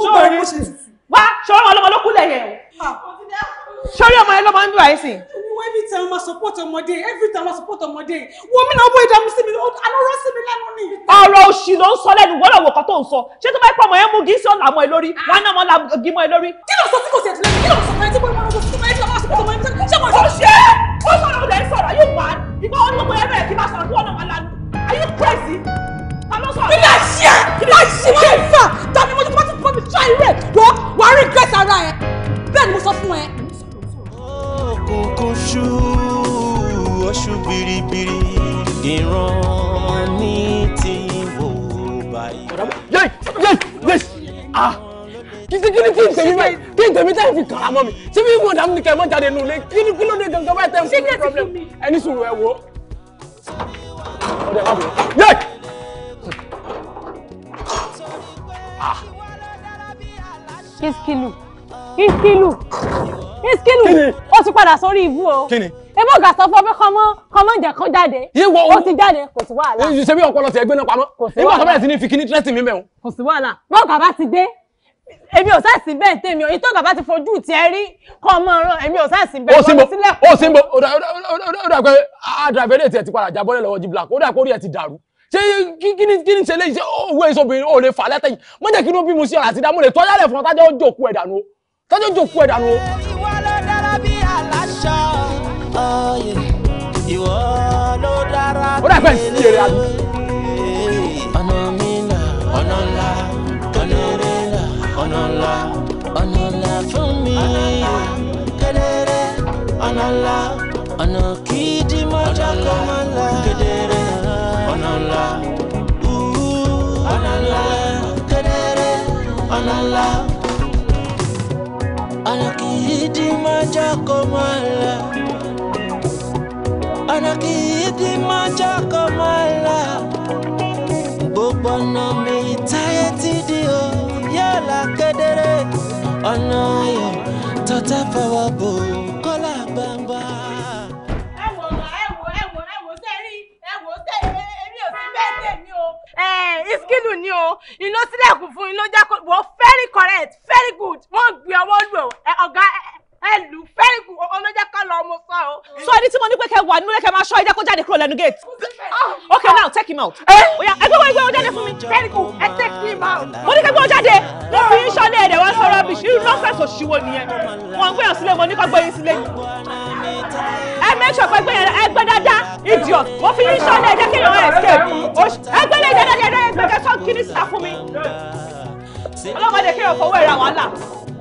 sọ́ọ̀rì ń sìn wá sọ́ọ̀rì ọlọ́mọ ló kúlẹ̀ yẹn o sọ́rí ọmọ yẹn ló máa ń dùn àìsìn. wọ́n every time ma support ọmọdé every time ma support ọmọdé wo mi náà wọ ìdààmú sí mi alọ́rọ́ sí mi lẹ́nu ni. ọ̀rọ̀ òṣì ló ń sọ lẹ́nu wọ́n lọ́wọ́ kan tó ń sọ ṣé tó bá pọ̀ mọ̀ yẹn mú gí sí ọ̀nà àmọ́ ẹ lórí ah. wọn náà mọ̀ la gí mọ́ ẹ lórí. kí ló sọ tí kò sí ẹ̀tún lẹ́nu kí ló sọ fún ẹ tí mo máa ń sọ fún ẹ tí mo máa ń sọ fún ẹ tí mo máa ń sọ fún ẹ tí mo máa ń sọ fún ẹ Ilé àṣìá! Ilé àṣìá! Wọ́n ti fà! Tàbí mo ti pọ́ ti pọ́ mi tíráì rẹ̀ wọ́n wà á rí gẹ́sì ara ẹ̀. Bẹ́ẹ̀ ni mo sọ fún ẹ àkókò ṣú oṣù biribiri ìran ní ti wò báyìí. yéé yéé ah kìtì kìtì tí tèmi bẹ tí tèmi tẹ fi kàrà mọ mi tí mi mọ dàmú ni kẹ mọ jáde nulẹ kìlú kìlú de gangan bá tẹ n fún mi ẹni sùn rẹ wo. yéé iskilu iskilu ó ti padà sórí ibú o ebo ọ̀gá sọ fún ọ pé kọmọ kọmọ ìjà kan jáde ó ti jáde kò sí wàhálà ṣe bí ọpọlọ ti ẹgbẹ náà pamọ́ nígbà tó bẹ̀rẹ̀ sí ní fi kíní tírẹsì mi bẹ wọn. kò sí wàhálà bọ́ọ̀gá bá ti dé èmi ò sáà sí bẹ́ẹ̀ tèmi ò yìí tọ́gà bá ti fojú tiẹ̀ rí kọ́ ọmọ ọ̀ràn èmi ò sáà sí bẹ́ẹ̀ wọ́n sílẹ̀. ó sì ń bọ̀ ó dà pé àdàbẹ̀rẹ̀ tiẹ̀ ti padà jábọ́lẹ̀ lọ́wọ́ jí black ó dà pé orí ẹ̀ ti dàrú ṣé kí ni kí ni ṣe léyìí ṣé owó èso obìnrin ò lè fà lẹ́tẹ̀yìn mọ́jẹ̀ kí ló bí mo sí ọ̀rà àti dámúlẹ̀ tọ́jà rẹ̀ fún ọ tájọ́ jókòó ẹ̀ tọ́jú jòkó ẹ̀ dànù. ìwọ ló dára bí aláṣọ ìwọ ló dára bí eléyìí. ó dà pẹ́ sí eré ọ̀nà mi là ọ̀nà ńlá ọ̀nà eré là ọ̀nà ńlá ọ̀nà ńlá fún mi kedere ọ̀nà ńlá ọ̀nà kìdí mọ́jà kọ́ idimajakomala anaki idimajakomala gbogbo ọ̀nà mi táyé ti di o yálà kedere ọ̀nà ayọ̀ tọ́tà fọwọ́ bò kọ́lá gbangba. ẹ wò ẹ wò ẹ wò ẹ wò sẹ́rí ẹ wò sẹ́rí iskilu eh, ni o iná sílẹ̀kùn fún iná jákòó wọ́n very correct very good wọ́n gbé ọwọ́ lù eh, ọ̀gá eh, ẹ lù fẹ́rì kù ọlọ́jẹ́ kọ́ lọ ọmọ sọ o. sọ ẹni tí mo ní pé kẹ wà nílé kẹ máa ṣọ́ ẹ jẹ́ kó jáde kúrò lẹ́nu gate. ok now take him out. oya ẹgbẹ́ wo ẹgbẹ́ wo jáde fún mi. fẹ́rì kù ẹ take him out. mo ní kẹgbẹ́ wo jáde mo fi ń ṣọ́ ní ẹ̀dẹ̀ wá sọ rubbish irú nọ́ọ̀sẹ̀sì òṣìwò nìyẹn. wọ́n ń gbéyàn sílé mo ní kọ́ gbóyin sílé. ẹ make sure pé gbéyàn ẹgbẹ́ dáadáa idiot mo fi ń ṣọ́ ní ẹ̀jẹ̀ kí èèyàn escape. ẹgbẹ́ lè jẹ́ dáadáa ẹgbẹ́ kẹsàn-án kí ni sá fún mi. ọlọ́mọdé kí èèyàn fọwọ́ ìra wàhálà.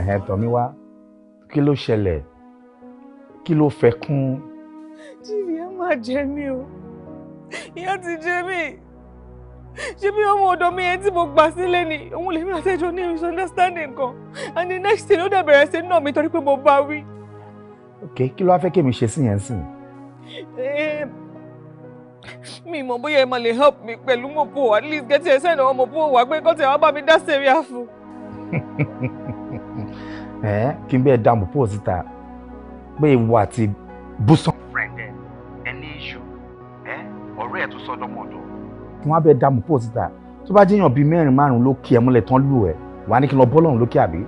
ẹ̀hẹ́n Tọ́míwá kí ló ṣẹlẹ̀ kí ló fẹ́ kún. jíjí ẹ máa jẹ mí o ìyá ti jẹ mí ṣé bí ọmọ ọ̀dọ̀ mi yẹn tí mo gbà sílé ni òun lèmi àtẹjọ ní misunderstanding kan and the next thing ó dẹ̀ bẹ̀rẹ̀ sí náà mi torí pé mo bá wí. ok kí ló wá fẹ́ kí èmi ṣe sí yẹn sìn. Eh, mi mọ̀ bóyá ẹ máa lè help mi pẹ̀lú mọ̀pọ̀ at least get your send ọmọ mọ̀pọ̀ wá pé kọ́tẹ̀ wá bá mi dá sẹ́ríà fún. kí n bẹ́ẹ̀ dààmú pọ̀ síta pé ìwọ àti bùsọ̀ friend ẹ ẹ ní iṣu ọ̀rẹ́ ẹ̀ tún sọdọ́mọdọ́ kí wọ́n á bẹ́ẹ̀ dààmú pọ̀ síta tó bá jẹ́yàn bíi mẹ́rin márùn-ún ló kí ẹ múlẹ̀ tán lù ẹ̀ wà á ní kí n lọ bọ́ lọ́run lókè àbí.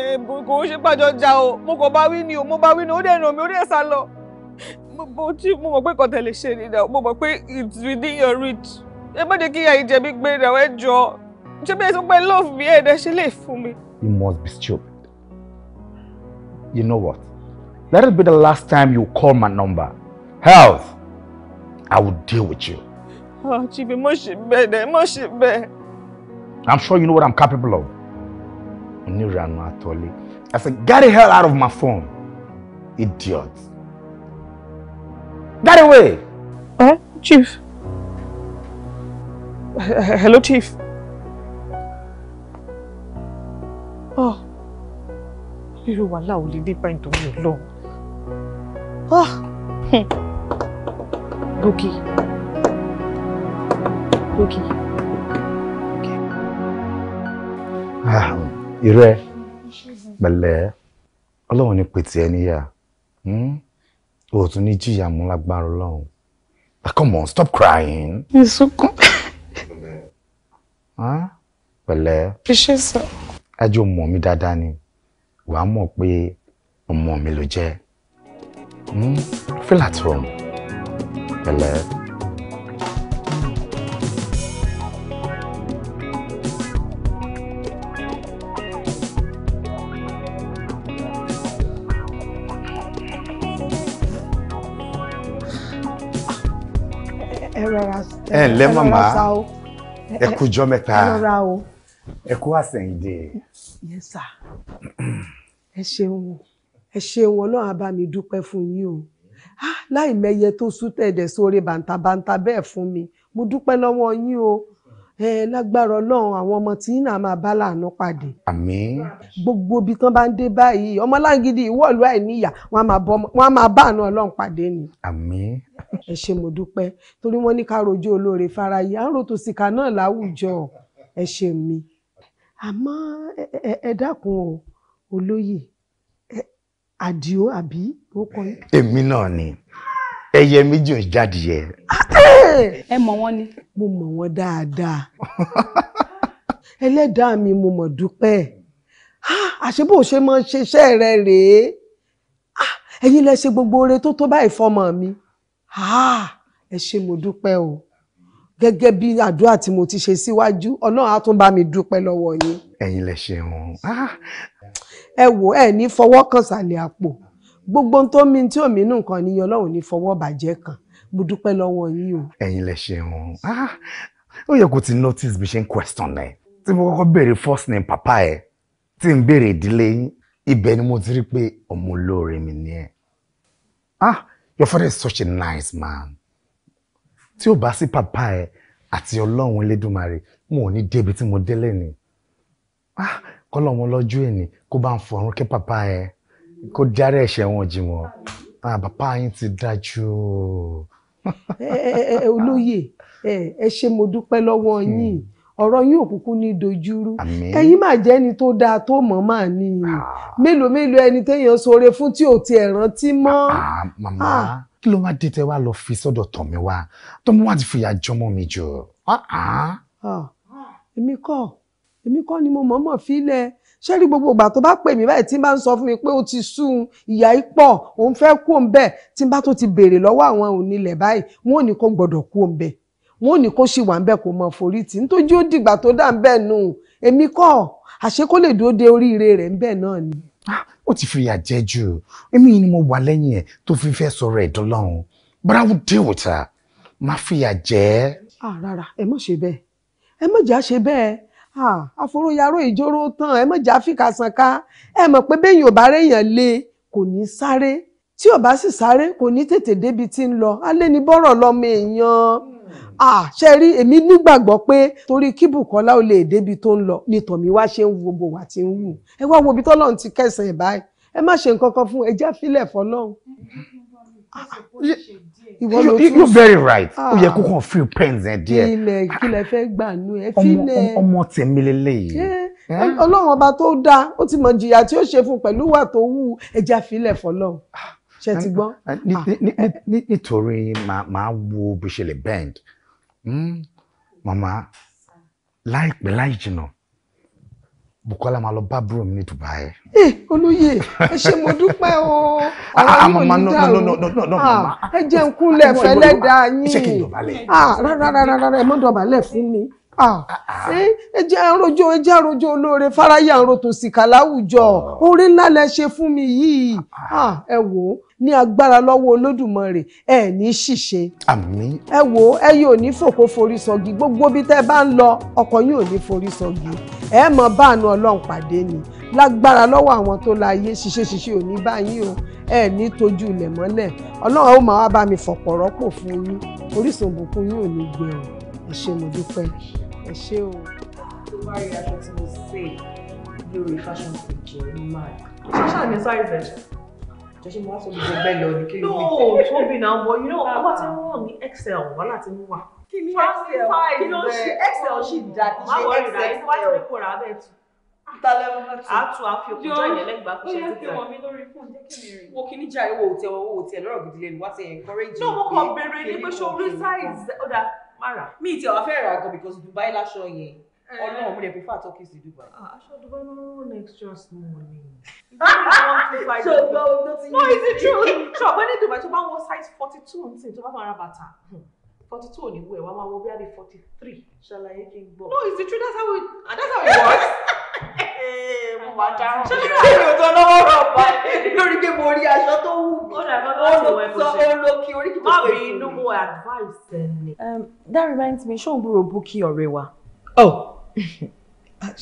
èèbù kò ṣe pàjọ jà o mo kò bá wí ni o mo bá wí ni o ó dẹ̀ nà mí ó dẹ̀ lọ mo tí mo mọ̀ pé kọ́tẹ̀ lè ṣe ni náà mo mọ̀ pé it's within your reach ẹ má jẹ́ kí ìyá ìjẹ̀bi gbé náà ẹ jọ ṣé bẹ́ẹ̀ sọ pé love mi ẹ̀ dẹ́ ṣe lè fún mi. you must be stupid. You know what? Let it be the last time you call my number. Health, I will deal with you. Oh, Chibi, I'm sure you know what I'm capable of. I said, get the hell out of my phone. Idiot. Get away! Eh, Chief? hello, Chief. Ah, irú wàhálà ò lè dé báyìí tó mi ò lọ. Gòkè. Gòkè. Ah, irẹ́ pẹ̀lẹ́ ọlọ́run ní pètè ẹ níyà hmm? o tún ní jìyà mú lágbára ọlọ́run. Ah, come on, stop crying. Ìsúnkún. Pẹ̀lẹ́. Iṣẹ́ sọ tájọ mọ̀ mí dáadáa ni wà á mọ̀ pé ọmọ mi ló jẹ́ fílà hmm? tó ẹ ǹlẹ́ màmá ẹ kú jọ́ mẹ́ta ẹ kú àsẹ̀yìndè yes sir ẹ ṣeun ẹ ṣeun ọlọ́run á bá mi dúpẹ́ fún yín o ah, láì mẹyẹ tó sú tẹ̀dẹ̀ bàǹtàbàǹtà bẹ́ẹ̀ fún mi mo dúpẹ́ lọ́wọ́ yín o ẹ lágbára ọlọ́run àwọn ọmọ tí náà máa bá láàánú pàdé. àmín. gbogbo ibi tán bá ń dé báyìí ọmọláńgídì ìwọ́ọ̀lù àìníyà wọn á máa bá àánú ọlọ́run pàdé ni. àmín. ẹ ṣe mo dúpẹ́ torí wọ́n ní ká rojú olóore fara yìí à ń rotò sìkà náà láwùjọ ẹ ṣe mi àmọ́ ẹ dákun o olóyè àdìo àbí ó kọ yín. èmi náà ni ẹyẹ méjì ò jáde yẹ. ẹ mọ̀ wọ́n ni. mo mọ̀ wọ́n dáadáa ẹlẹ́dàá mi mo mọ̀ dúpẹ́ àṣebó ṣe máa ń ṣiṣẹ́ rẹ rèé ẹ̀yin lẹ ṣe gbogbo oore tó tó báyìí fọmọ mi ẹ ṣé mo dúpẹ́ o gẹ́gẹ́ bí àdúrà tí mo ti ṣe síwájú ọlọ́run á tún bá mi dúpẹ́ lọ́wọ́ yín. ẹ̀yin lẹ ṣeun. Ah! ẹ wò ẹ ní fọwọ́ kan sàlẹ̀ àpò gbogbo tó mi tí ò mí nù nǹkan ni ọlọ́run ní fọwọ́ bàjẹ́ kan mo dúpẹ́ lọ́wọ́ yín o. ẹ̀yin lẹ ṣeun. Ah! ó yẹ kó ti notice bí ṣe ń question ẹ tí mo kọ́kọ́ béèrè first name papa ẹ tí n béèrè ìdílé yín ibẹ̀ ni mo ti rí pé ọmọ olóore mi ni ẹ. ah your father is such a nice man tí ò bá sí pàpà ẹ àti ọlọ́run elédùnmarè mo ò ní débi tí mo délé ah, ni kọ́lọ́run lọ́jọ́ ẹ̀nì kó bá ń fọ̀run kí pàpà ẹ kó járe ẹ̀ṣẹ̀ wọn jì wọ́n ah, bàbá yín ti dájú. olóyè ẹ ṣé mo dúpẹ́ lọ́wọ́ hmm. yín ọ̀rọ̀ yín òkùnkùn ní dojúrú ẹ̀yin máa jẹ́ ẹni tó dáa tó mọ̀ máa ní ah. mélòó mélòó ẹni téèyàn ṣoore fún tí ò tiẹ̀ rántí mọ́. màmá kí ló wá dé tẹ wá lọ fi sọ́dọ̀ tọ̀mí wá tọmọ wá ti fìyà jọmọ mi jù. Ah, ah. Ah, èmi kọ́ èmi kọ́ ni mo mọ̀ọ́mọ̀ fílẹ̀ ṣé rí gbogbo ìgbà tó bá pè mí báyìí tí n bá ń sọ fún mi pé ó ti sún ìyá ipò òun fẹ́ kú òun bẹ́ẹ̀ tí n bá tó ti béèrè lọ́wọ́ àwọn onílẹ̀ báyìí wọn ò ní kó gbọ́dọ̀ kú òun wọn ò ní kó ṣì wà ń bẹ́ẹ̀ kó mọ forí tì nítorí ó dìgbà tó dà ń bẹ́ẹ̀ nù èmi kọ́ àṣé lè dúró de oríire rẹ̀ ń bẹ́ẹ̀ náà ni ti fìyà jẹ jù èmi ni mo wà lẹ́yìn ẹ̀ tó fi fẹ́ sọ̀rọ̀ ẹ̀ dọ́lọ́run but I will deal with her má fìyà jẹ. ah rárá ẹ má ṣe bẹ́ẹ̀ ẹ má jà ṣe bẹ́ẹ̀ ah àforóyàró ìjóró tán ẹ má jà fìkà sànká ẹ mọ̀ pé bẹ́yìn ò bá rẹ̀yàn lé kò ní sáré tí ò bá sì sáré kò ní tètè débi tí ń lọ alẹ́ ní bọ́rọ̀ lọ́mọ èèyàn ah ṣe rí èmi nígbàgbọ́ pé torí kí Bùkọ́lá ò lè débi tó ń lọ ni Tọ̀míwá ṣe ń wo bò wá ti ń wù ẹ wá wo ibi tọ́lọ́run ti kẹsàn ẹ̀ báyìí ẹ má ṣe nǹkan kan fún ẹ já fílẹ̀ fọlọ́run. you very right ó yẹ kó kàn feel pains ẹ díẹ̀. ilẹ̀ ìkìlẹ̀ fẹ́ gbà nú ẹ fílẹ̀. ọmọ tèmi lélẹ́yìí. ọlọ́run ọba tó dáa ó ti mọ jìyà tí ó ṣe fún pẹ̀lú wà tó wù ẹ já fílẹ̀ fọlọ́run ṣe ti gbọ́. nítorí màá wo bí ṣe lè bend màmá láìpẹ́ láì jìnnà Bukola máa lọ bá búrò mi ní Dubai. ẹ eh, olóyè ẹ ṣe mo dúpẹ́ o ah, ah, ọ̀rọ̀ yóò ní dàrú ah, ẹ jẹun kúnlẹ̀ fẹ́lẹ́ dá yín rárá rárá ẹ mọ́ dọ̀bálẹ̀ fún mi. Ah, ẹjẹ àròjọ ẹjẹ àròjọ olóore fáráyà àrò tòsíkà láwùjọ oore ńlá lẹ ṣe fún mi yìí ah, ẹ wò ó ní agbára lọ́wọ́ olódùmarè ẹ ní ṣìṣe. àmín. ẹ wò ó ẹ yóò ní fòkó forí sọgi gbogbo bí tẹ́ bá ń lọ ọkọ yóò ní forí sọgi ẹ mọ báànù Ọlọ́run pàdé ni lágbára lọ́wọ́ àwọn tó la ayé ṣiṣẹ ṣiṣẹ ò ní báyìí o ẹ ní tójú ilẹ̀ mọ́lẹ̀ Ọlọ́run ó máa wá bá mi fọ̀pọ̀ rọ́pò fún yín Orísun ìbùkún yóò ní gbẹrun ẹ ṣé mo ẹ ṣé o. tó bá rí aṣọ tí mo ṣe lórí fashion page ẹ máa ṣáṣá ní sáré rẹ jọ ṣe máa sọ mi jẹ bẹ́ẹ̀ lọ ní kí n wí. no tóbi náà bọ you know ah. ọba tí wọn wọ ní excel wàhálà tí wọn wà. kí ni excel kí ló ṣe excel ṣì dá kí ṣe excel tí wọn yọ ní kò rà á bẹ́ẹ̀ tù. Àtú ah. àfiòkùn jọ ìyẹlẹgba kò ṣe títà. Ó yẹ kí wọ́n mi lórí fóònù jẹ́ kí mi rìn. Wo kí ní jà ìwọ òtẹ owó òtẹ lọ́rọ̀ gidi lẹ́nu wá sí encourage. Náà mo kàn béèrè ní pé ṣo rí size má rà mí ti ọ̀ fẹ́ rà gan because Dubai láṣọ yẹn eh. ọlọ́run mo lè prefer turkey sí Dubai. Ah, aṣọ Dubai ló ń rún next just morning. so no no it's the truth. ṣọ̀gbọ́n ní Dubai tó bá wọ size forty two ǹtí tó bá fara bàtà hmm forty two òní wẹ̀ wá máa wọ bí i forty ṣàlàyé kí n gbọ́. no it's the truth that's how it works. Eh, mo máa dáhùn. ṣé nígbà tí o lọ́wọ́ rọ̀ pa lórí pé mo rí aṣọ tó wù mí. ó dà bá ti wẹ̀ kó ṣe. ó ló kí orí kí mo pè é. má bí inú mo advice ẹ um, that reminds me ṣé òun búrò búkì ọ̀rẹ́ wa. oh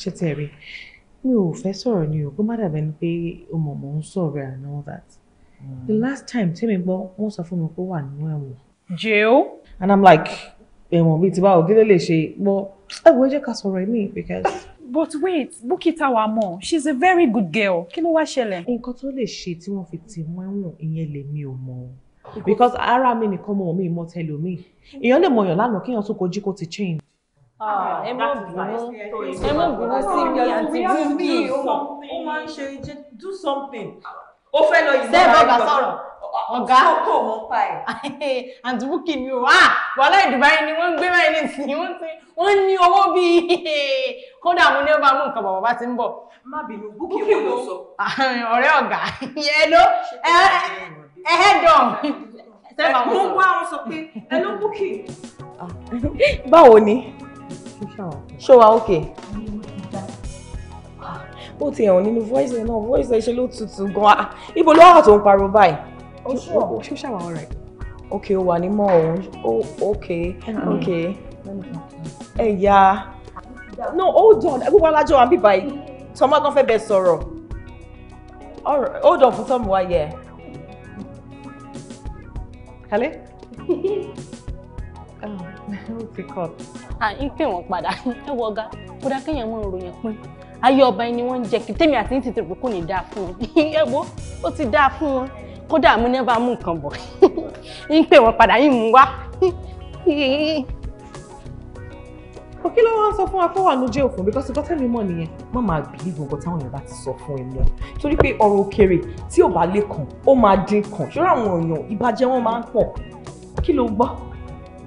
ṣe tí ẹ rí mi ò fẹ́ sọ̀rọ̀ ni o kó má dàbẹ́ ni pé o mọ̀ mọ̀ ń sọ̀rọ̀ and all that. Hmm. the last time tí mi gbọ́ wọ́n sọ fún mi pé ó wà nínú ẹ̀wọ̀n. jail and i'm like ẹ̀wọ̀n bíi ti báwo kí ló lè ṣe bọ́ ẹ wo jẹ́ ká sọ̀rọ̀ ẹ̀ mí because. but wait bukita wa mọ she's a very good girl kí ló wá ṣẹlẹ̀. nǹkan tó lè ṣe tí wọ́n fi tì mọ́ ẹ̀wọ̀n ìyẹn lèmi ò mọ̀ because ara mi nìkan mọ̀ mi mọ̀ tẹlòmíì èèyàn lè mọ̀ yàn lánàá kéèyàn tó kojú kó ti change ah, ẹ má bínú ẹ má bínú sí mi àti bú mi o. ó máa ń ṣe do something. ó fẹ́ lọ ìlú ara ẹ̀ lọ ọ̀gá kò mọ́ pa ẹ̀. àǹtí búkì ni o wá ah, wàhálà ìdùbáyé ni wọ́n ń gbé báyìí nísìnyí wọ́n ti wọ́n ní owó bíi kódà mo ní ó bá mú nǹkan bàbá bá ti ń bọ̀. má bínú búkì wo ló sọ. ọ̀rẹ́ ọ̀gá yẹn ló ẹ̀hẹ́ dàn. mo ń bá wọn sọ pé ẹ ló búkì. báwo ni ṣó wa ókè ó ti hàn nínú voice ẹ náà voice ẹ ṣe ló tutù gan-an ah, ibo ló wà tó ń pariwo báyìí. Oh, oh, sure. Ṣé ṣàwà ọ̀rẹ́? Ok, ó oh, wà ní mọ́ òun. Oh, ok, ok. Ẹ ya. No, hold on. Gbogbo alájọ wa ń bí báyìí. Tọ́mọ́ kan fẹ́ bẹ sọ̀rọ̀. Hold on fún Tọ́mù wa yẹ. Kálé? Ó ti kọ̀. À ń pè wọ́n padà. Ẹ wọ ọ̀gá. Kódà kéèyàn mọ̀ ìròyìn pín hmm. ayé ọba ẹni wọ́n ń jẹ kí tèmi àti ní tètè rò kò ní dáa fún un ẹ wo ó ti dáa fún un kódà mo never mú nǹkan bọ̀ ń pè wọ́n padà yín mú wá. òkè ló wá ń sọ fún wa kó wà lójú òfin because ìgbà tẹ́lẹ̀ mọ̀ nìyẹn má máa bìlí gbogbo táwọn èèyàn bá ti sọ fún ẹ mọ́ torí pé ọ̀rọ̀ òkèrè tí ò bá lè kàn ó máa dín kàn ṣọ́ra àwọn èèyàn ìbàjẹ́ wọn máa ń pọ̀ kí ló gbọ́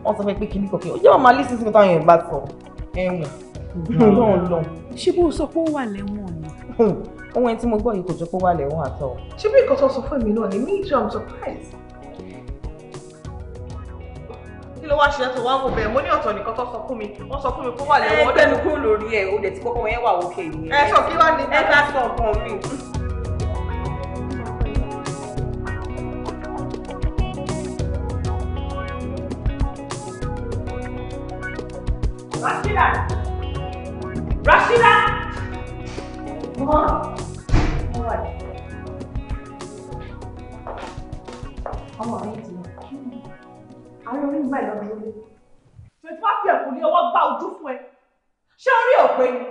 wọ́n sọ fún pé kí ní kọ̀kẹ́ ó jẹ́ wọn lé sísun táwọn èèyàn bá sọ ẹ̀wọ̀n lọ́n lọ́n. ṣé bó sọ pé ó wà lẹ́wọ̀n ni. ohun ẹni tí mo gbọ́ yìí kò jọ pé wà lẹ́wọ̀n àtọ̀. ṣé bí nǹkan tó sọ fún mi náà ni me too i'm surprised. kí ló wá ṣe tó wá wò bẹ́ẹ̀ mo ní ọ̀tọ̀ nìkan tó sọ fún mi wọ́n sọ fún mi kó wà lẹ́wọ̀n. ẹ gbẹ́nu kúrò lórí ẹ̀ o dẹ̀ ti kọ́kọ́ yẹn wà òkè nìyẹn. ẹ sọ kí wàá ní ẹ sọ nǹkan mi. Rashida! Rashida! wà ní. ọmọ mi ti lọ àárọ̀ orí gbà ìlọ́dún lórí. twenty five year kò ní ọwọ́ gbá ojú fún ẹ ṣé orí ọ̀pẹ ni.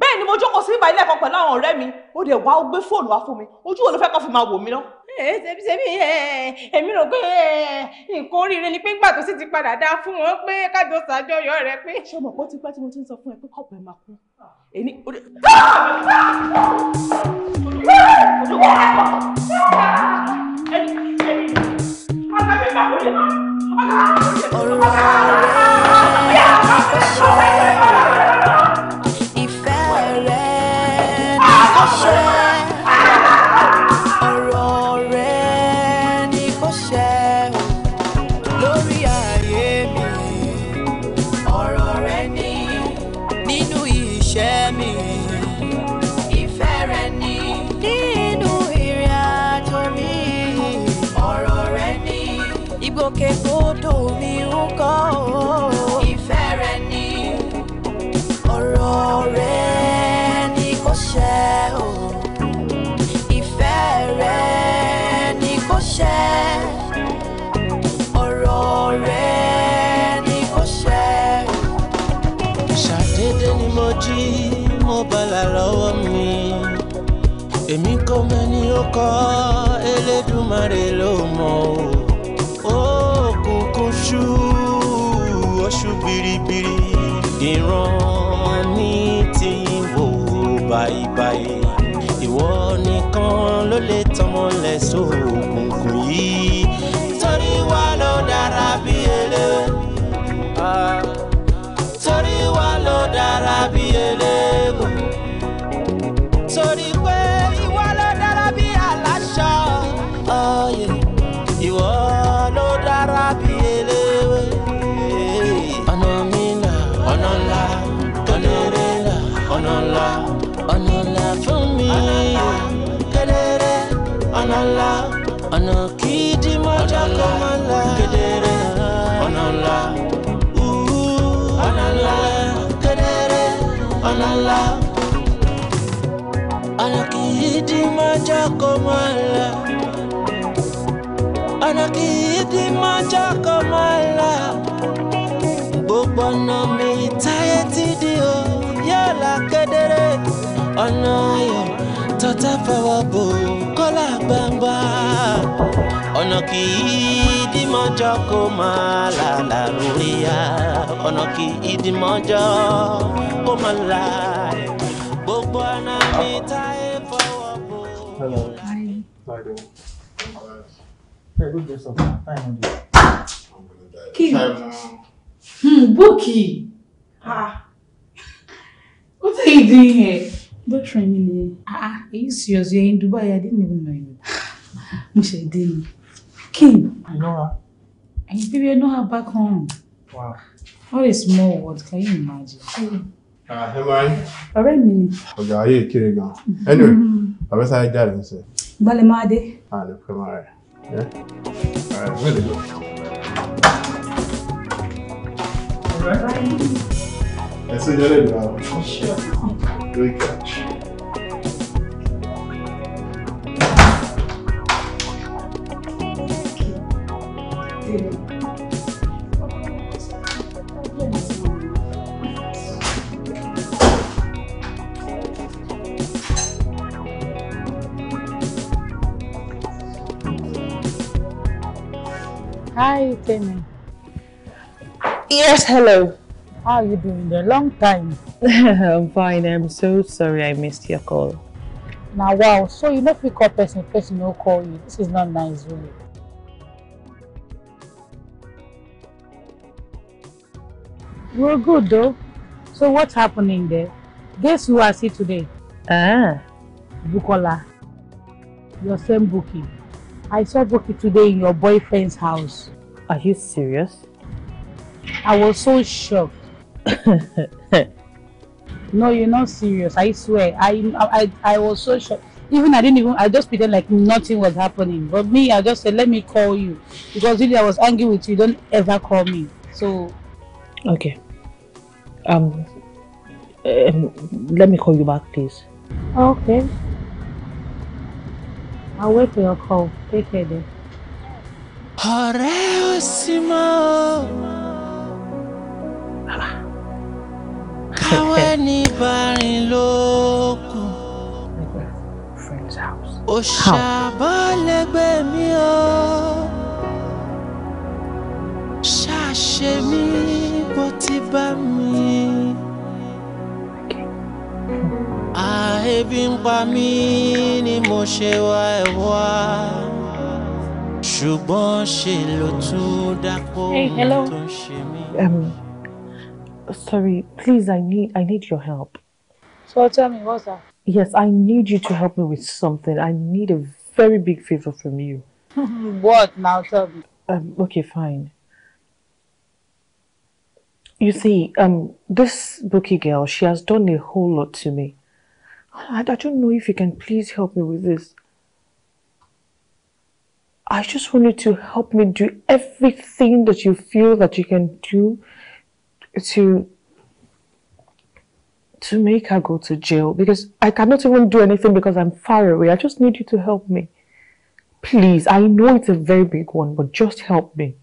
bẹ́ẹ̀ ni mo jókòó sí ìbàdí lẹ́ẹ̀kan pẹ̀lú àwọn ọ̀rẹ́ mi ó dẹ̀ wá ó gbé fóònù wá fún mi ojú wo ló fẹ́ kó fi máa wò mí náà eh, ṣebí ṣebí eh, èmi rò pé eh, nǹkan oríire ni pé ńgbà tó sì ti padà dá fún wọn pé kájọ ṣàjọyọ̀ rẹ pé. ṣé o mọ̀ pé ó ti pẹ́ tí mo ti ń sọ fún ẹ pé kọ́ọ̀pù ẹ máa kú èmi ò dé. ọ̀rọ̀ rẹ̀. kọ́ Elédùmarè ló mọ̀ o òkùnkùn ṣú oṣù biribiri ìran ní ti wò báyìí báyìí ìwọ nìkan ló lè tọmọ lẹ sóòwò. ọ̀nà kí dìmọ́jà kọ́ máa ń la kedere ọ̀nà ńlá ọ̀nà ńlá kedere ọ̀nà ńlá ọ̀nà kí dìmọ́jà kọ́ máa ń la ọ̀nà kí dìmọ́jà kọ́ máa ń la gbogbo ọ̀nà mi. tá fọwọ́ bò kọ́lá gbangba ọ̀nà kì í dìmọ́jọ́ kó máa làlà lórí ya ọ̀nà kì í dìmọ́jọ́ kó máa là gbogbo ọ̀nà mi tá ẹ fọwọ́ bò. Hello. Hi. Hi there. Hey, good dress up. Time on you. Kí ni? Hmm, Bókì. Ah. What are you doing here? boyfriend mi ah ah are you serious you're in Dubai I didn't even know you mo ṣe dé ni Kim you know her and baby I know her back home wow what a small world can you imagine. Ah, ọ̀rẹ́ mi ni. ọ̀gá ayé kéré gan anyway àbẹ́sà ẹ̀ jáde ń sẹ́. gbalẹ̀ máa dé. a lè pẹ́ máa rẹ̀ ẹ́ ọ̀rẹ́ mi Essa já é brava. Good catch. Hi, Timmy. Yes, hello. How are you doing there? Long time. I'm fine. I'm so sorry I missed your call. Now, wow. So you know if you call person, person will call you. This is not nice, really. We're good though. So what's happening there? Guess who I see today? Ah. Bukola. Your same Buki. I saw Buki today in your boyfriend's house. Are you serious? I was so shocked. no, you're not serious. I swear. I I I was so shocked. Even I didn't even I just pretend like nothing was happening. But me, I just said, let me call you. Because really I was angry with you, don't ever call me. So Okay. Um, um let me call you back, please. Okay. I'll wait for your call. Take care then. Ọ̀rẹ́ òsì mọ́ awẹ́ ní barin lókun. òṣàbálẹ̀gbẹ́ mi o ṣàṣe mi bó mi. àìbí ń pa mí ni mo ṣe wá ẹ wá ṣùgbọ́n ṣe ló tún dápò tó ń ṣe mí. Um, sorry, please, I need, I need your help. So tell me, what's that? Yes, I need you to help me with something. I need a very big favor from you. what now? Tell me. Um, okay, fine. You see, um, this bookie girl, she has done a whole lot to me. I, I don't know if you can please help me with this. I just want you to help me do everything that you feel that you can do to to make her go to jail because I cannot even do anything because I'm far away. I just need you to help me. Please, I know it's a very big one, but just help me.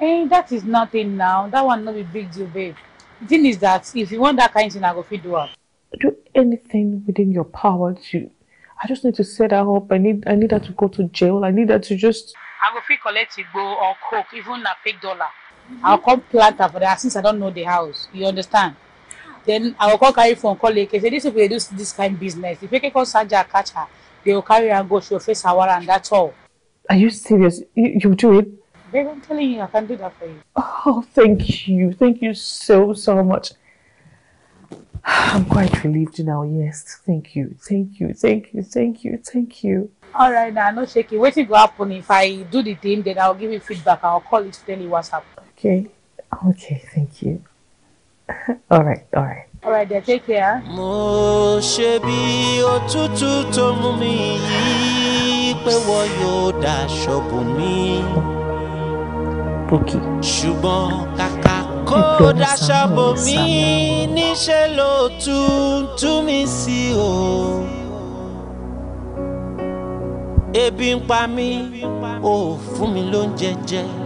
Hey, eh, that is nothing now. That one not be big deal, babe. The thing is that if you want that kind of thing, I go feed you up. Do anything within your power to. I just need to set her up. I need I need her to go to jail. I need her to just. I go feel collect go or cook even a fake dollar. I'll come plant her for that since I don't know the house. You understand? Then I will call carry phone, call Leke. Say, this is they do this kind of business. If you can call catch her. They will carry her and go. She will face Hawara and that's all. Are you serious? You, you do it? Babe, I'm telling you, I can do that for you. Oh, thank you. Thank you so, so much. I'm quite relieved now. Yes, thank you, thank you, thank you, thank you, thank you. All right, now, no shaking. Waiting to happen. If I do the thing, then I'll give you feedback. I'll call it, tell you what's happening. Okay. Okay, thank you. all right, all right. All right, then take care. Mo ṣe bí òtútù tó mú mi yìí pé wọ́n yóò daṣọ bò mí. Bókì. Ṣùgbọ́n kàkà kó daṣọ bò mí níṣẹ́ ló tún mi sí o. Ebi ń pa mí, ò fún mi lóúnjẹ jẹ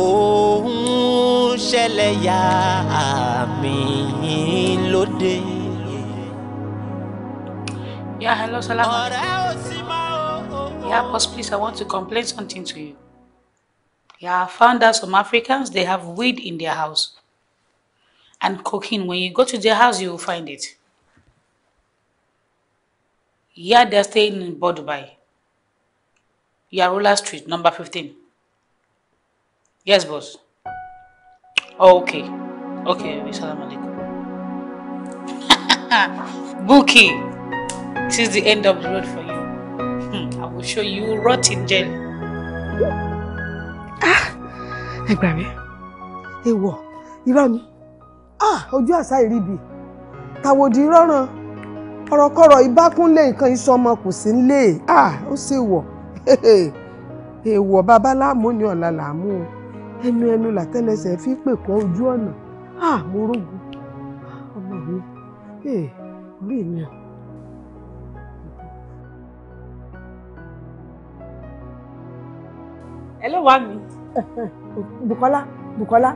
òun ṣẹlẹ̀ yá mi lóde. Yeah, hello, Salam. Yeah, boss, please, I want to complain something to you. Yeah, I found out some Africans, they have weed in their house. And cocaine. When you go to their house, you will find it. Yeah, they're staying in Bodubai. Yeah, Roller Street, number 15. Yes, boss. Oh, okay. Okay, Salam alaikum. Bookie, this is the end of the road for you. Hmm, I will show you rotten jail. Ah! Hey, gbà mí. Èèwọ̀, irọ́ mi. Ah, ojú àṣà ìríbi. Tàwòdì rọ́ràn. Ọ̀rọ̀kọ̀rọ̀ ìbákúnlé nǹkan ìsọmọ kò sí nílé. Ah, ó ṣèwọ̀. Èèwọ̀ babaláàmú ni ọ̀la la o ẹnu ẹnu làtẹ́lẹsẹ̀ fi pè kọ́ ojú ọ̀nà à mo rógun ọmọ mi orí mi ò. hello wá mi. Bùkọ́lá Bùkọ́lá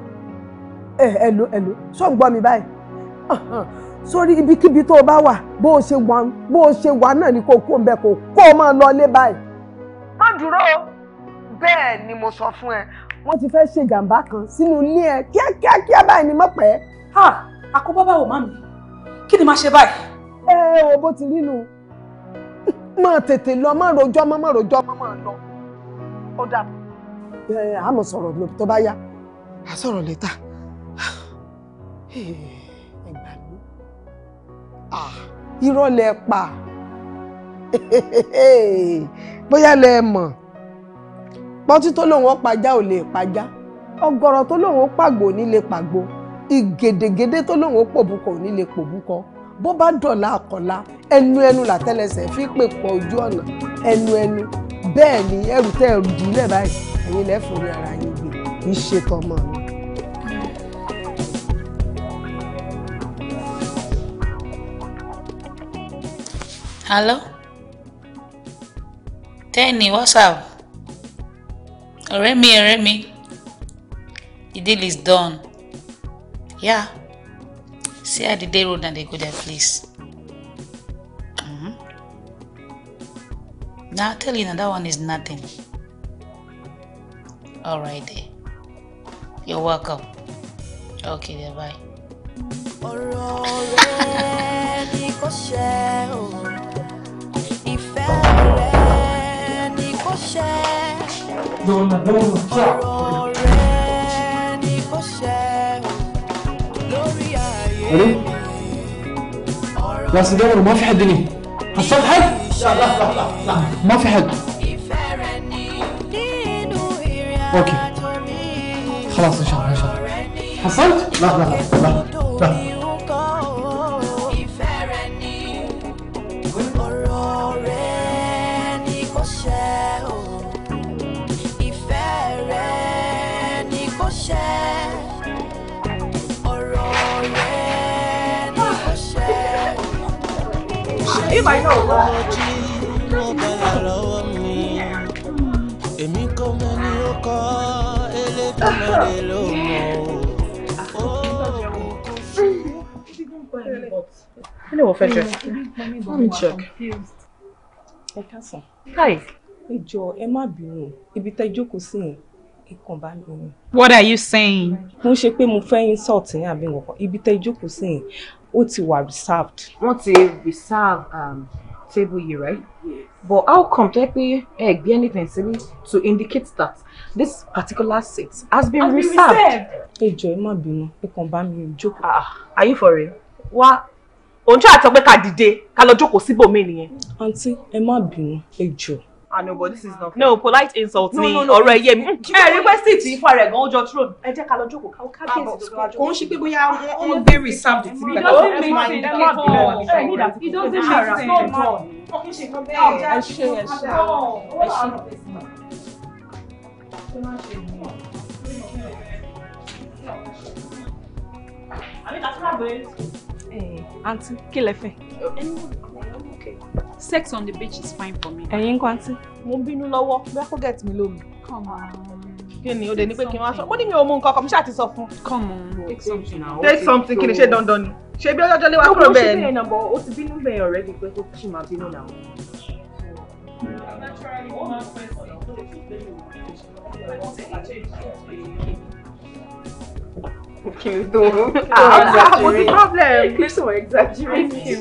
hello hello ṣó ń gbọ́ mi báyìí sórí ibikíbi tó o bá wà bó o ṣe wà bó o ṣe wà náà ni kò kó ń bẹ kó o máa lọ lé báyìí. má dúró bẹ́ẹ̀ ni mo sọ fún ẹ wọ́n ti fẹ́ ṣe jàǹbá kan sínú ilé ẹ kíákíákíá báyìí ni mọ̀ pẹ́. ha àkóbá báwo màmí kí ni máa ṣe báyìí. ẹ ẹ wo bó ti rí nu máa tètè lọ máa rojọ́ máa máa rojọ́ máa máa lọ ó dàbọ̀. ẹ ẹ àmọ́ lóbi tó bá yá a sọ̀rọ̀ lẹ́tà ẹ gbà mí irọ́ lẹ pa bóyá lẹ mọ̀. pọtí tó lòun ó pàjá ò lè pajá ọ̀gọ̀rọ̀ tó lòun ó pàgbò ò ní lè pàgbò ìgèdègèdè tó lòun ó pòbúkọ ò ní lè pòbúkọ bó bá dọ̀la àkọ́lá ẹnu ẹnu làtẹ́lẹsẹ̀ fi pè pọ̀ ojú ọ̀nà ẹnu ẹnu ni ẹrù tẹ́ ẹrù báyìí ẹ̀yin ara yín gbé kì ọ̀rẹ́ mi the deal is done yeah see how the day road and they go their place mm -hmm. na i tell you na that one is nothing all right you're welcome okay there bye. Donna, Donna, ciao! الو لا ما في حد هنا حصل حد؟ لا لا لا لا لا ما في حد اوكي خلاص ان شاء الله ان شاء الله حصلت؟ لا لا لا لا, لا. ìbá iná ò bá. èmi kò mọ ní ó kọ́ elédùnmọ̀rẹ́ ló mọ̀ ó kúkú sí. kí let me check. Hey, káàsán. hi. ẹ jọ ẹ má bínú ibi tẹ́ jókòó sí yẹn ìkàn bá lóyún. what are you saying. mo ṣe pé mo fẹ́ insult yín àbí nǹkan ibi ó ti wà reserved. wọ́n ti reserve um, table yìí right. Yes. but how come tó yẹ pé ẹ gbé anything sí to indicate that this particular seat has been reserved. ẹ jọ̀ọ́ ẹ má bínú ẹ kàn bá mi jókòó. ah are you for real. wá òun tí a sọ pé ká dìde ká lọ jókòó síbòmí nìyẹn. àǹtí ẹ má bínú ẹ I but this is not. Fair. No, polite insult no, ni ọ̀rọ̀ ẹ̀yẹ mi. Ẹ rí pé sí ti ifá rẹ̀ gan-an jọ throne. Ẹ jẹ́ ká lọ jókòó káwọ́ kábíyèsí lójú àjọ. Kò ń ṣe pé bóyá wọ́n gbé reserved ti bí ìgbà tó ń máa ní kí wọ́n bílẹ̀. Ìdókè ṣàrà fún ọ̀gbọ́n. Ẹ ṣe oh, ẹ ṣe ẹ ṣe. Àǹtí kí lẹ fẹ́? Sex on the beach is fine for me. Ẹ̀yin kwanti. Mo ń bínú lọ́wọ́ bí wọ́n get mi lómi. Come on. Kini o de ni pé kí n wá sọ? Mo ní mi ò mú nǹkan kan, mo ṣáà ti sọ fún. Come on, take something now. Take something Kini ni ṣe dandan ni? Ṣé bí ọjọ́ lé wa kúrò bẹ́ẹ̀ ni? Mo ṣe bẹ́ẹ̀ nàbọ̀, o ti bínú bẹ́ẹ̀ already pé kó ṣì máa bínú náà. Kí ni tó? Àwọn ọ̀gá, what's the problem? Kí ni so exaggerate?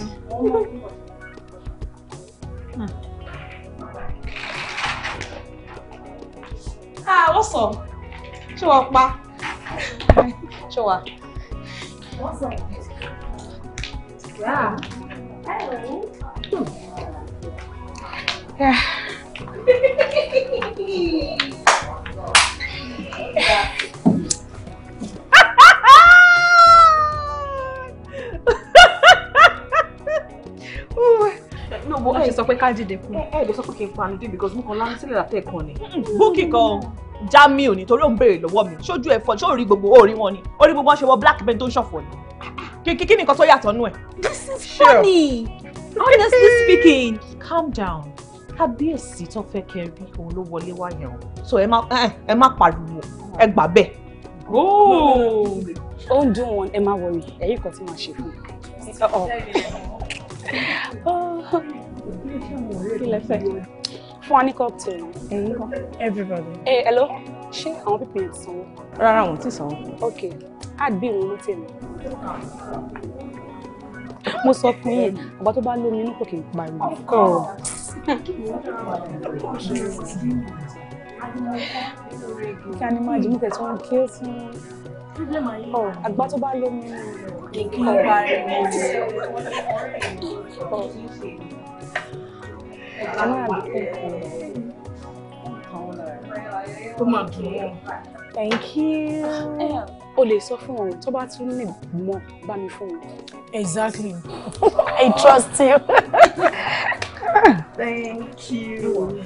Ah, what's up? Show up, ma. Show up. What's up? Yeah. Hello. Hmm. Yeah. yeah. Ooh no bo eh, sọ pé ká dìde ẹ ẹ lè sọ pé kí n panu dé because mo kàn lánàá sílẹ̀ látẹ̀ kan ni. búkì kan jamiu ni torí ó ń béèrè lọ́wọ́ mi ṣojú ẹ̀fọ́ ṣó rí gbogbo ó rí wọn ni ó rí gbogbo wọn ṣe wọ black belt tó ń ṣọ̀fọ̀ ni kí kí nìkan tó yàtọ̀ nú ẹ̀. this is funny honestly speaking calm down kábíyèsí tó fẹ́ kẹ́ rí òun ló wọlé wá o so ẹ má ẹ má pariwo ẹ gbà bẹ́ẹ̀. ó ń dùn wọn ẹ má wọrí ẹ̀yìn kan tí wọ́n ṣe fún un. kí lẹ fún wa ní cocktail. ẹ̀yin kan. everybody. ẹ ẹ lọ ṣé àwọn pípẹ́ yẹn ti sanwó. rárá wọn ti sanwó. ok á bí irun ló tẹ̀lé. mo sọ fún yín àgbà tó bá lómi inú kò kì í pariwo. ọkọ. kí a ní máa jìnnìtẹ̀ tí wọ́n kí ó fún àgbà tó bá lómi inú kò kì í pariwo kan thank you. o exactly i trust you. thank you.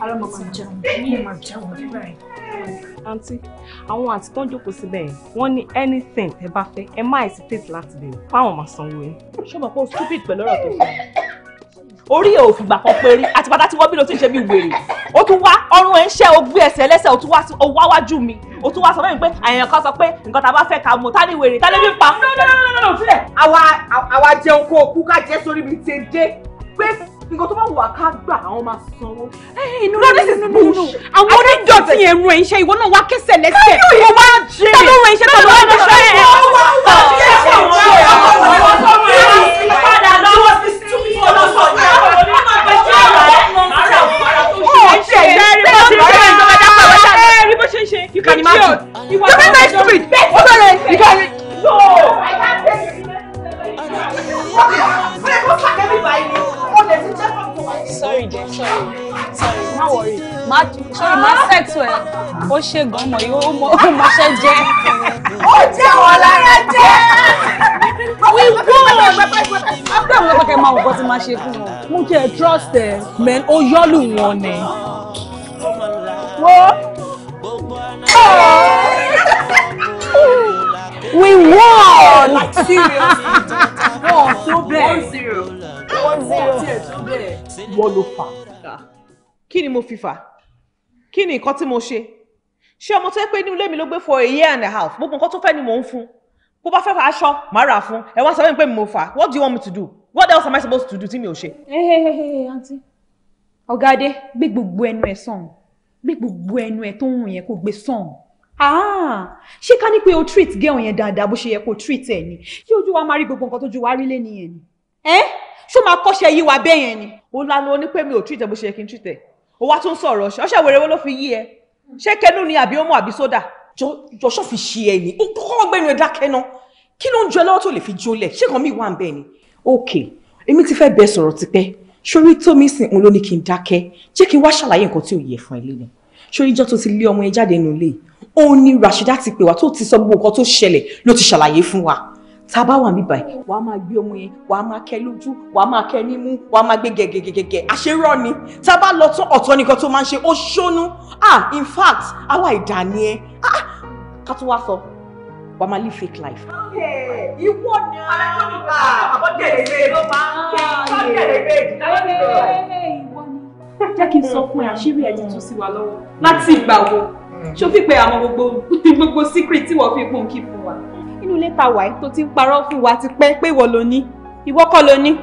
ara mọ̀ máa jẹun ní ìmọ̀ jẹun báyìí àǹtí àwọn àti tó ń jókòó síbẹ̀ yẹn wọ́n ní anything ẹ bá fẹ́ ẹ má hesitate láti béèrè fáwọn máa sanwó yín. ṣọ́bà pọ̀ stupid pẹ̀lú ọ̀rọ̀ tó fún orí ẹ̀ ò fìgbà kan pé rí àti bàtà tí wọ́n bí ló ti ń ṣe bí wèrè ó tún wá ọrùn ẹ̀ ń ṣẹ́ o gbé ẹsẹ̀ lẹ́sẹ̀ ó tún wá wá wájú mi ó tún wá sọ fẹ́mi pé àyàn kan sọ pé nǹkan tá a bá fẹ́ ká mọ̀ tá ní wèrè tá lébi pa. nọ́nọ́nọ́nọ́nọ́ sílẹ̀ àwa àwa jẹun kó o kú ká jẹ́ sórí mi ti dé pé nǹkan tó bá wà ká gbà àwọn máa sanwó. no no this is bush. àwọn onídọ̀tí yẹn rún ẹ̀ṣẹ́ ìwọ náà wá kẹsẹ̀ lẹ́sẹ̀. kí ni ìwà jẹ́ can imagine. You are very nice to me. Hold you can. No, I can't take it. Sorry, Sorry. Sorry. Má worry. Má sorry, my ah. sex well. Oh, ṣe gan mọ̀ yóò mọ̀ ó mọ̀ Oh, jẹ́. Ó jẹ́ wọn lára jẹ́. Wí wọ́n. After àwọn ọ̀pẹ̀kẹ̀ máa wọ̀ bọ́ ti máa ṣe fún wọn. Mú kí ẹ trust ẹ. Mẹ́n ó yọ́lù wọn ni. Wọ́n. We won! Like seriously. Wọ́n tó bẹ́ẹ̀. One zero. One zero. Tiẹ̀ tó bẹ́ẹ̀. Wọ́n ló fà. Ah. Kí ni mo fi fà? Kí ni nǹkan tí mo ṣe? Ṣé ọmọ tó mi ló gbé for a year and a half? Gbogbo nǹkan tó fẹ́ ni mò ń fún. Bó bá fẹ́ fà aṣọ, màá rà fún. Ẹ wá sọ mo fà. What do you want me to do? What else am I supposed to do tí mi ò ṣe? Ẹ ẹ ẹ ẹ àǹtí. Ọ̀gá Adé gbé gbogbo ẹnu ẹ̀ gbé gbogbo ẹnu ẹ tó ń yẹn kó gbé sàn ah ṣé ká ní pé o treat girl yẹn dáadáa bó ṣe yẹ kó treat ẹ ni ṣé ojú wa máa rí gbogbo nǹkan tójú wa rí lé nìyẹn ni ẹ ṣó máa kọ́ṣẹ́ yí wa bẹ́ẹ̀ yẹn ni o lanu oní pé mi ò treat ẹ bó ṣe yẹ kí n treat ẹ o wá tún sọ̀rọ̀ ọṣẹ ọṣẹ wèrè wo ló fi yí ẹ ṣé kẹnu ni àbí ọmọ àbí sódà. jọṣọ fi ṣe ẹ ní kọ́kọ́ gbẹnu ẹ dákẹ́ kí ló ń jẹ lọ́wọ́ tó lè fi jólẹ̀ ṣé kàn mí wà ń bẹ́ẹ̀ ni. ok èmi ti fẹ́ bẹ sọ̀rọ̀ tipẹ́ ṣorí tómi sìn òun ló ní kí n dákẹ́ jẹ́ kí n wá ṣàlàyé nǹkan tí ò yẹ fún ẹ lé ni ṣorí ìjọ́ tó ti lé ọmọ yẹn jáde nù lé ó ní Rashida ti pè wá tó ti sọ gbogbo nǹkan tó ṣẹlẹ̀ ló ti ṣàlàyé fún wa tá a bá wà níbàyí wà á máa gbé ọmọ yẹn wà á máa kẹ́ lójú wà á máa kẹ́ nímú wà á máa gbé gẹ̀gẹ̀gẹ̀gẹ̀ àṣerọ́ ni tá a bá lọ tán ọ̀tọ̀ nìkan tó máa ń ṣe ó ṣónú ah in fact awa ìdá ni ẹ ah ká tó wá sọ wà á máa live fake life. ìwọ ni àbọ̀dẹ̀lẹ̀ ló máa ń kí àbọ̀dẹ̀lẹ̀ méjì láyé ìwọ ni. jẹ́ kí n sọ fún ẹ àṣírí ẹ̀ ti tú sí wa lọ́wọ́ láti ìgbà wo ṣó fi pé àwọn gbogbo gbogbo secret tí wọ́n fi kún kí fún wa. inú ilé ta wàá tó ti ń parọ́ fún wa ti pẹ́ pé ìwọ ló ní ìwọ kọ́ ló ní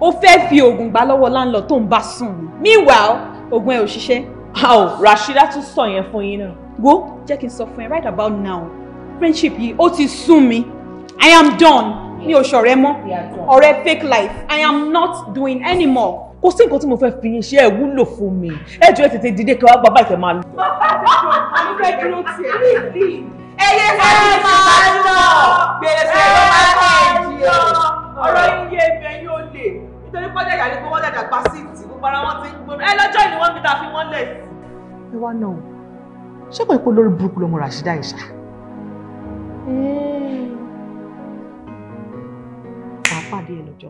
ó fẹ́ fi oògùn gbà lọ́wọ́ láńlọ tó ń bá sùn ni meanwhile oògùn ẹ ò ṣiṣẹ́. Rashida tún sọ yẹn fún yín náà. wo jẹ́ kí n sọ fún ẹ right about now friendship yìí ó ti sún mi i am done mi ò ṣọ̀rẹ́ mọ́ ọ̀rẹ́ fake life i am not doing anymore. kò sí nǹkan tí mo fẹ́ fi yín ṣe ẹ̀ wúlò fún mi ẹ jọ ẹ tètè dìde kí wàá bàbá ìfẹ́ máa lọ. ẹyẹ sáré máa lọ gbèsè ló máa kéèjì o ọ̀rọ̀ iye ibẹ̀ yóò lè nítorí pọ́jà ìyàlẹ́ pé wọ́n dàgbà pa síìtì gbogbo ara wọn ti ń gbóná ẹ lọ́jọ́ ìníwọ́n mi ta fi wọ́n lẹ̀ sí. ẹ wá náà ṣé kò ní kó lórí burúkú lọmọ Rashida ìṣá pàápàdé ẹ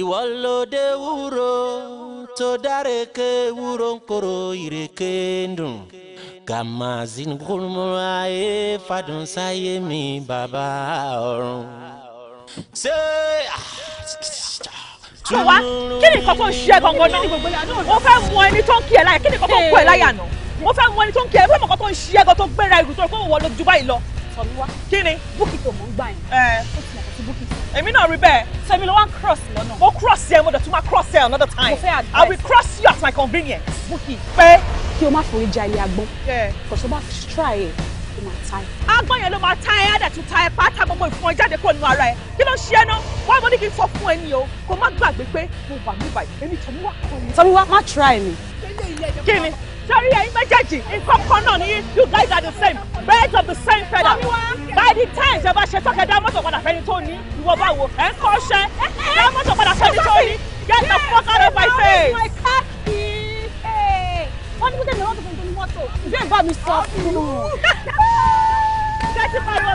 ìwọ ló dé wúro tó dáreke wúro ń koro ìrèké ń dùn gamazin kúrúmọ́ra ẹ fàdùn sáyé mi bàbá ọ̀run. ṣé tọ́wá ah, kí ni kọ́kọ́ ṣe ẹ náà mo fẹ́ mọ ẹni tó ń kí ẹ láyà kí ni kọ́kọ́ kú ẹ láyà nà mo fẹ́ mọ ẹni tó ń kí ẹ fẹ́ mọ kọ́kọ́ ṣe ẹ gan tó gbéra ìrù tó rẹ kó wọ́n lọ ju báyìí lọ ọ̀tọ̀ mi wá. kí ni. búkì tó mò ń gbà yẹn. ẹ eh. ó ti yàtọ̀ sí búkì. èmi náà rí bẹ́ẹ̀. sẹ́mi ló wá ń cross lọ́nà. mo cross yẹn mo dẹ̀ tún máa cross yẹn another time. mo fẹ́ advice. I will cross you at my convenience. búkì pé. kí o má forí ja ilé agbọ́n. kòsó bá try ẹ̀ ló máa ta ẹ̀. agbọ́n yẹn ló máa ta ẹ̀ adà tún ta ẹ̀ pátá gbogbo ìfún ẹ jáde kúrò nínú ara ẹ̀. kí ló ń ṣe ẹ náà wá mo ní kí n fọ fún ẹ ní o kó má gbàgbé pé mo wà mí èmi tọ́mí kọ́ try mi. kí Sorry, ẹ̀yin méjèèjì nǹkan kan náà ni you guys are the same birds of the same feather by the time ìjọba ṣe tọ́kẹ́ dá mọ́tò padà fẹ́ni tó ní ìwọ bá wo ẹ̀ ń kọ́ ṣẹ́ dá mọ́tò padà fẹ́ni tó ní get the fuck out of my oh face. wọ́n ní kí tẹ̀lé wọ́n tó fún mi mọ́tò ìgbé ìbá mi sọ fún un. ṣé ti pariwo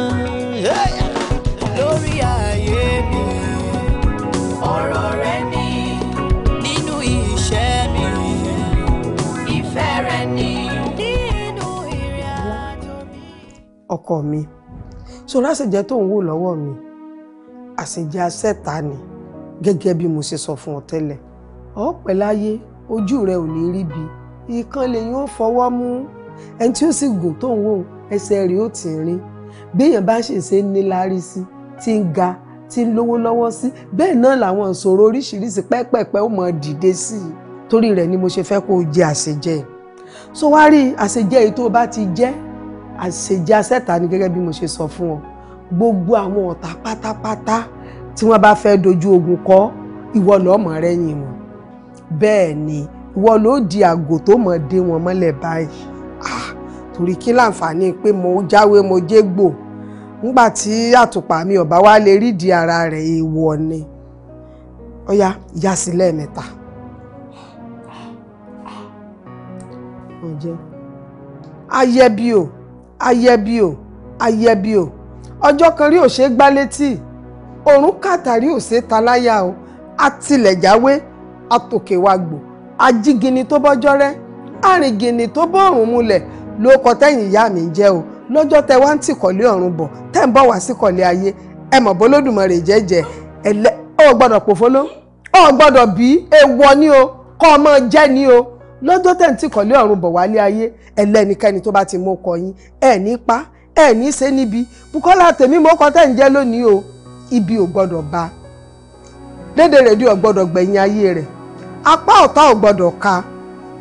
ọkọ mi sọ̀rọ̀ àṣejẹ tó ń wò lọ́wọ́ mi àṣejẹ asẹ́ta ni gẹ́gẹ́ bí mo ṣe sọ fún ọ tẹ́lẹ̀ ọ pẹ́ láyé ojú rẹ ò ní rí bi ìkan lèyìn ó fọwọ́ mú ẹni tí ó sì gùn tó ń wò ẹsẹ̀ rẹ̀ ó ti rìn béèyàn bá ṣe ṣe níláárí sí ti ń ga ti ń lówó lọ́wọ́ sí bẹ́ẹ̀ náà làwọn ìṣòro oríṣiríṣi pẹ́pẹ́pẹ́ ó mọ dìde sí i torí rẹ̀ ni mo ṣe fẹ́ kó o jẹ àṣejẹ so wá rí àṣejẹ èyí tó o bá ti jẹ́ àṣejẹ asẹ́ta ni gẹ́gẹ́ bí mo ṣe sọ fún ọ gbogbo àwọn ọ̀tá pátápátá tí wọ́n bá fẹ́ dojú ogun kọ ìwọ lọ́mọ rẹ́yìn wọn bẹ́ẹ̀ ni ìwọ ló di àgò tó mọ̀ dé wọn mọ́lẹ̀ báyìí ah torí kí láǹfààní pé mo jáwé mo jégbò ńgbà tí àtùpà mi ọ̀bá wa lè rídìí ara rẹ̀ èèwọ̀ ni ọ̀ya ìyá sí lẹ́ẹ̀mẹ́ta. ọ̀jẹ̀ ayẹ́bí o ayẹbi o ayẹbi o ọjọ́ kan rí òṣè gbá létí òrùn kàtàrí òṣè ta láyà o àtìlẹ̀jáwé àtòkèwàgbò ajígini tó bọ́jọ́ rẹ́ àrìngìnì tó bọ́ọ̀rùn múlẹ̀ ló kọ tẹ́yìn ìyá mi jẹ́ o lọ́jọ́ tẹ wá ń tìkọ̀lé ọ̀run bọ̀ tẹ́ ń bọ̀ wá síkọ̀lé ayé ẹ mọ̀ bọ́lódùmarè jẹ́jẹ́ ẹ̀lẹ́ ọ̀ gbọ́dọ̀ pòfóló ọ̀ gbọ́dọ̀ bí èèwọ̀ ni o kọ́ ọmọ jẹ́ ni o lọ́jọ́ tẹ̀ ń tí kọ̀lé ọ̀run bọ̀ wálé ayé ẹlẹ́nikẹ́ni tó bá ti mú kọ yín ẹ̀ ní pa ẹ̀ ní ṣe níbi Bùkọ́lá tèmi mọ́kọ tẹ̀ ń jẹ́ lónìí o ibi ò gbọ́dọ̀ bá dédé rèdí ò gbọ́dọ̀ gbẹ̀yìn ayé rẹ̀ apá ọ̀tá ò gbọ́dọ̀ ka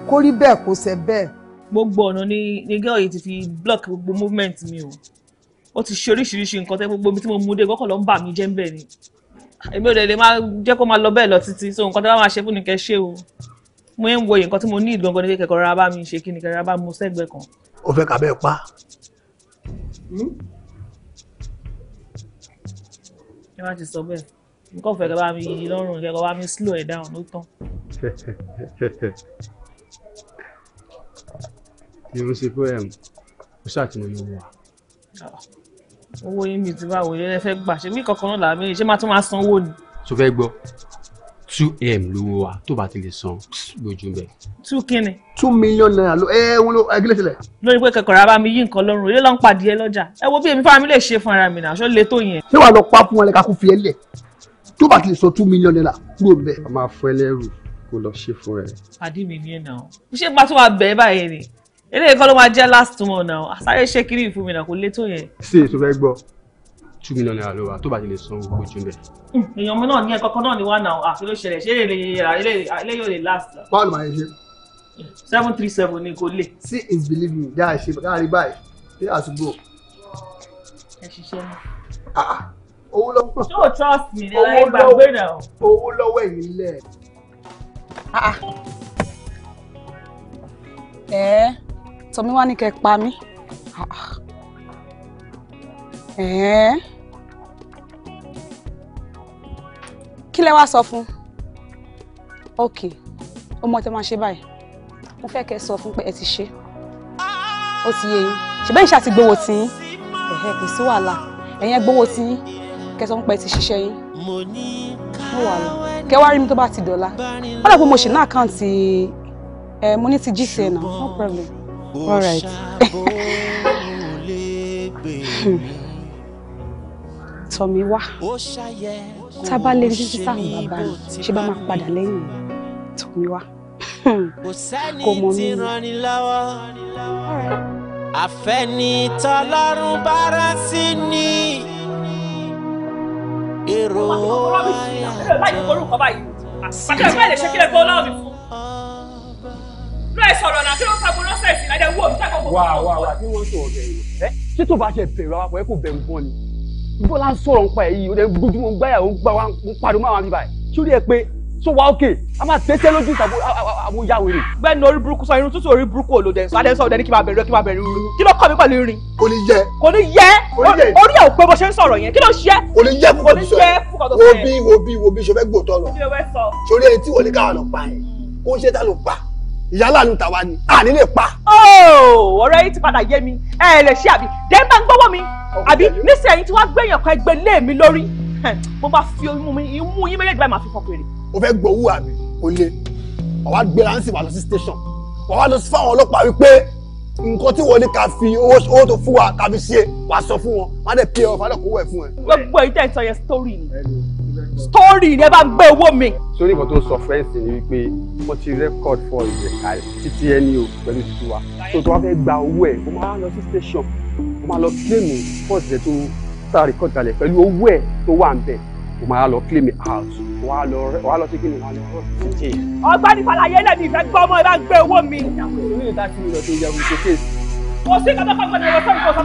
kó rí bẹ́ẹ̀ kó ṣe bẹ́ẹ̀. gbogbo ọ̀nà ni ni girl yìí ti fi block gbogbo movement mi o ó ti ṣe oríṣiríṣi nǹkan tẹ́ gbogbo ibi tí mo mú dé gbọ́kànlọ́ ń bà mí jẹ́ ń bẹ̀ ni èmi ò dẹ̀ lè máa jẹ́ kó máa lọ bẹ́ẹ̀ lọ títí so nǹkan tẹ́ bá máa ṣe fún ni kẹ́ ṣe o mo ń wo nǹkan tí mo ní ìgangan ní kẹkọọ rárá bá mi ṣe kí ni kẹkọọ rárá bá mu sẹgbẹ kan. o fẹ́ kàbẹ́ pa. ẹ má ti sọ bẹ́ẹ̀ nǹkan fẹ́ kẹ́ bá mi yí lọ́rùn kẹ́kọ̀ọ́ bá mi slow ẹ̀ down ló tán. irun sí pé ó ṣàtìmọ̀ yóò wà. Ah, owó yín mi ti bá wòye ẹ fẹ́ gbà ṣé bí kankan náà làá méjì ṣé má tún máa sanwó ni. tó fẹ́ gbọ́ two m lówó wa tó bá ti lè san lójú bẹ. two kíni. two million naira ló ẹ wọn ló ẹgbẹ́ tilẹ̀. lórí pé kẹkọrọ abá mi yí nǹkan lọ́rùn ilé ló ń pàdé ẹ lọ́jà ẹ wo bí èmi fáwọn mi lè ṣe fún ara mi náà ṣó lè tó yẹn. ṣé wàá lọ pa fún wọn lẹ ká kó fi ẹ lẹ tó bá ti lè san two million naira kúrò bẹ. a máa fọ ẹlẹ́rù kó lọ ṣe fún ẹ. pàdé mi ni ẹ nà ó ṣé bá tún wàá bẹ ẹ báyìí ni eléyìí kọ́ ló máa jẹ́ last month náà àsáré ṣé kiri ìfún mi náà kò lè tó yẹn. sí èso fẹ́ gbọ́ two million naira ló tó bá ti lè san owó ojú bẹ. Hmm, èèyàn mi náà ní ẹ̀kọ́kọ́ náà ni wà náà àfi ló ṣẹlẹ̀ ṣé èlé ah, ah, ilé yóò lè last. báwo ni màá ṣe. seven three seven ni kò lè. see is believing me dáa ṣe dáa rí báyìí ṣé àtúgbò. ẹ ṣiṣẹ́ náà. Ah, owó lọ́wọ́. ṣé o trust me ní ọ̀rẹ́ ìgbàgbé náà. owó lọ́wọ́ ẹ̀yìn lẹ̀. ẹ̀ẹ́ Tọ́míwá ní kẹ́ pa mí. Ah ah kí lẹ wá sọ fún ok ó mọ tẹ máa ṣe báyìí mo fẹ́ kẹ́ sọ fún pé ẹ ti ṣe ó ti yé yín ṣùgbọ́n ìṣe àti gbowó tí ẹ̀hẹ́ kò sí wàhálà ẹ̀yẹn gbowó tí kẹ́ sọ fún pé ẹ ti ṣiṣẹ́ yín mo wà lọ kẹ́ wá rí mi tó bá ti dọ̀la ó dàgbọ́ mo ṣì ní àkáǹtì ẹ̀ mo ní ti GTN náà no problem all right. tọ́ mi wá tá a bá lè títí sáwọn bàbá mi ṣé bá máa padà lẹ́yìn tọ́ mi wá kò mọ̀ mí. àfẹnitọ́lọ́run bá rán sí ni èrò ayàtọ̀. Bàtà ìfẹ́ lè ṣe kílẹ̀ gbọ́ náà mi fún. Lọ ẹ sọ̀rọ̀ náà kí ló ń sago lọ́sẹ̀ sí lájẹ̀ wú òun tẹ́kọ̀ọ́. Wà wà wà kí wọ́n sọ̀rọ̀ bẹ̀rù. Ṣé tó bá ṣe bẹ̀rù àwọn akọ̀wé bẹ̀rù gan ni? bọ́lá ń sọ̀rọ̀ nípa ẹ̀ yìí ó dẹ̀ gbójúmọ́ gbáyà ó gbá wa ń pariwo máa wà níbàyà sórí ẹ pé tó wá òkè a máa tẹ́tẹ́ lójú ìtàbó àwọn ìyá wèrè. bẹ́ẹ̀ni orí burúkú sọ irun tútù orí burúkú ò lò dẹ̀ sọ adé sọ ọ̀dẹ́ ní kí máa bẹ̀rẹ̀ kí máa bẹ̀rẹ̀ irun kí ló kọ́ mi pẹ̀lú irin. kò ní yẹ. kò ní yẹ orí ẹ̀ ò pé bó ṣe ń sọ̀rọ̀ yẹn kí ló ṣe. kò ní yẹ kò ní yẹ wo bí wo bí wo bí ṣe fẹ́ gbòòtọ́ lọ. sórí ẹ tí wọ́n ní káwọn lọ pa yẹn kó ń ṣe tá ló pa ìyálà nu tàwa ni àní lè pa. Oh, ọ̀rẹ́ yìí ti padà yé mi ẹ lè ṣe àbí dẹ́gbà ń gbọ́wọ́ mi àbí nísìnyí tí wàá gbẹ̀yàn kan ẹgbẹ́ lé mi lórí mo bá fi imú mi imú yín méjèèjì báyìí máa fi fọ́ péré. o fẹ́ gbowó àbí kò le wàá gbéra ń sì lọ sí station wàá lọ sí fáwọn ọlọ́pàá wípé nǹkan tí wọ́n ní ká fi owó tó fún wa ká fi ṣe wàá sọ fún wọn wọ́n á dẹ̀ pé ọ story story rẹ bá gbé owó mi. sórí nǹkan tó sọ fẹ́ǹsì ni wípé wọ́n ti record for ìjẹ̀ka títí ẹni o pẹ̀lú tiwa tó tó wá fẹ́ gba owó ẹ̀ ó máa lọ sí station ó máa lọ kílèmù fọ́ọ̀sì rẹ tó sáà record kalẹ̀ pẹ̀lú owó ẹ̀ tó wà ń bẹ̀ ó máa lọ kílèmù out wà á lọ wà á lọ sí kílèmù wà á lọ rọ títí. ọgbẹ́ni fàlàyé náà mi ìfẹ́ gbọ́ ọmọ ẹ bá gbé owó mi. kò sí kàtàkùn ọ̀gbẹ́ni ọ̀sán kò sọ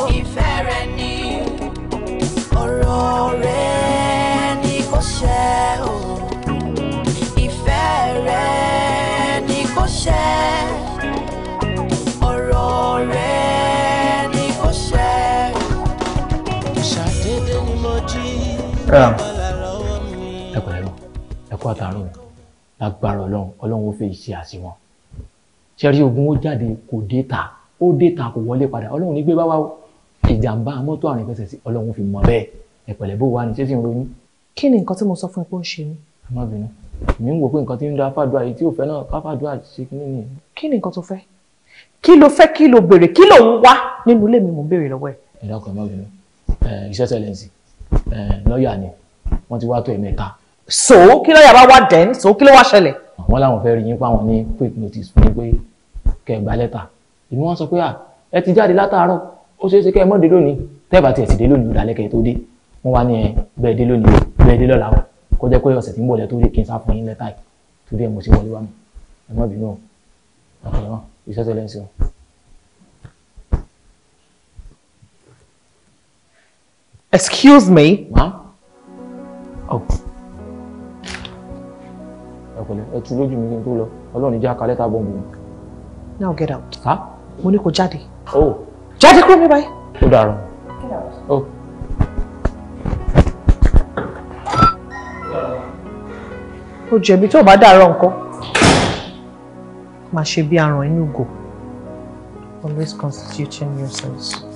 Oore ni kò mo jí bàbá lọ́wọ́ mi. Ẹ pẹ̀lẹ́ mọ̀, ẹ kú àtàrùn lágbára ọlọ́run ọlọ́run ó fẹ́ ṣe àṣìwọ̀n. Ṣé rí ogun ó jáde kò dé ta ó dé ta kò wọlé padà ọlọ́run ní bá wa ìjàmbá mọ́tò àrùn ìfẹsẹ̀sí ọlọ́run fi mọ bẹ́ẹ̀ ẹ pẹ̀lẹ́ bó wà ní ṣé tí kí ni nǹkan tí mo sọ fún ẹ pé ó ń ṣe mí. ẹ má bínú mi ń wò pé nǹkan tí ń da fàdúrà yìí tí ò fẹ́ náà káfàdúrà ṣe kí nìyẹn. kí ni nǹkan tó fẹ́ kí ló fẹ́ kí ló béèrè kí ló ń wá nínú ilé mi mò ń béèrè lọ́wọ́ ẹ̀. ẹ dákun ẹ iṣẹ́ tẹ̀lẹ́ǹsì lọ́ọ̀yà ni wọ́n ti wá tó ẹ̀mẹ́ta. so kí lọ́ọ̀yà bá wá dẹ́n so kí ló wá ṣẹlẹ̀. àwọn làwọn fẹ́ rí yín páwọn ní quick notice fún yín pé kẹ́ ẹ gba lẹ́tà ìmú wọn sọ pé ẹ ti jáde tiẹ̀ sì dé lónìí ìdálẹ́kẹ̀ẹ́ tó dé wọ́n wá ní ẹ eh, bẹ́ẹ̀ lónìí bẹ́ẹ̀ dé lọ́la kó jẹ́ pé ọ̀sẹ̀ tí ń bọ̀ lẹ́ tó rí kí n sá fún yín lẹ́tà yìí tó dé mo ti wọlé wá mi ẹ má bínú ọ̀pọ̀lọpọ̀ iṣẹ́ tó lẹ́sìn o. Excuse me. Ma? Oh. Ẹ pẹ̀lẹ́, lójú mi kí n tó lọ. Ọlọ́run ìjà kalẹ́ ta bọ̀m̀bù. Now get out. Ha? Mo ní kó jáde. Oh. Jáde kúrò mi báyìí. Ó dàrú. Get Oh. ó jẹ̀bi tó bá dàárọ̀ nǹkan máa ṣe bí aràn inú gò always constituting nuisance.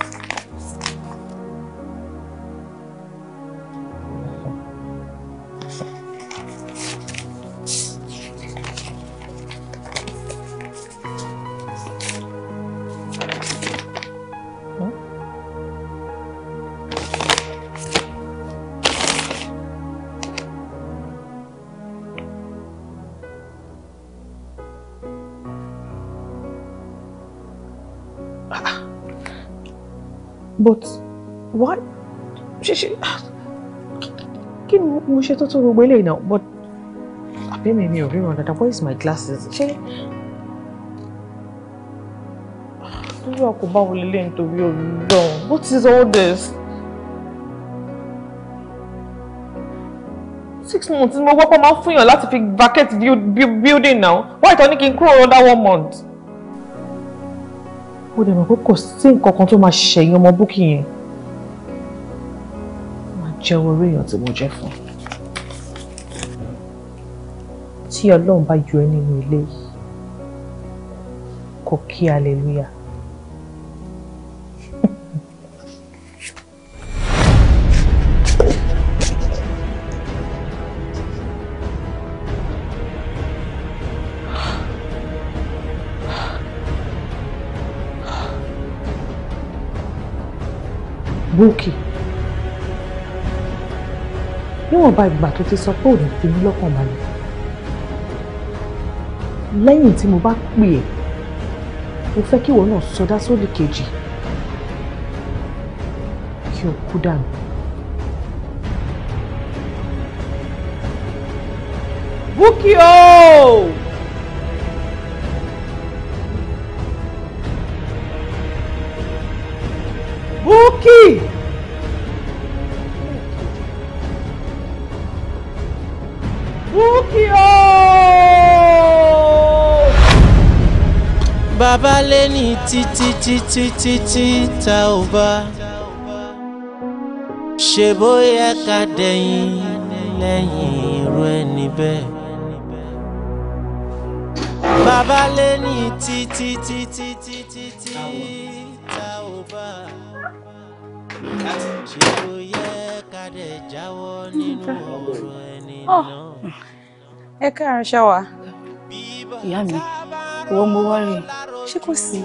What? She, ah, she, kí ni mo ṣe tó tó gbogbo eléyìí náà but àbí mi mi ò ríran dáadáa where is my glasses ṣé irú ọkọ̀ báwo lélẹ̀ nítorí olùdán what is all this six months ni mo gbọ́ pé máa ń fún yàn láti fi vacate building now why tó ní kí n kúrò another one month. ó dẹ̀ mọ̀ pé kò sí nǹkan kan tó máa ṣẹ̀yìn ọmọ búkì yẹn jẹ́wọ́ orí èèyàn tí mo jẹ́ fún tí ọlọ́run bá yọ ẹ́ nínú ilé yìí kò kí hallelujah. Bukki níwọ̀nba ìgbà tó ti sọ pé ò ní fi mí lọ́kàn balẹ̀ lẹ́yìn tí mo bá pè ẹ́ mo fẹ́ kí ìwọ náà sọdá sódì kejì kí o kú dànù. Búkì o! lé ní títí títí títí tá ò bá ṣe bóyá ká dẹ̀yìn lẹ́yìn irú ẹni bẹ́ẹ̀. bàbá lé ní títí títí títí tá ò bá ṣe bóyá ká dẹ̀ jáwọ́ nínú ọ̀rọ̀ ẹni náà. Oh, ẹ káàárọ̀ ṣáwa. ìyá mi owó mo wá rèé ṣé kò sí.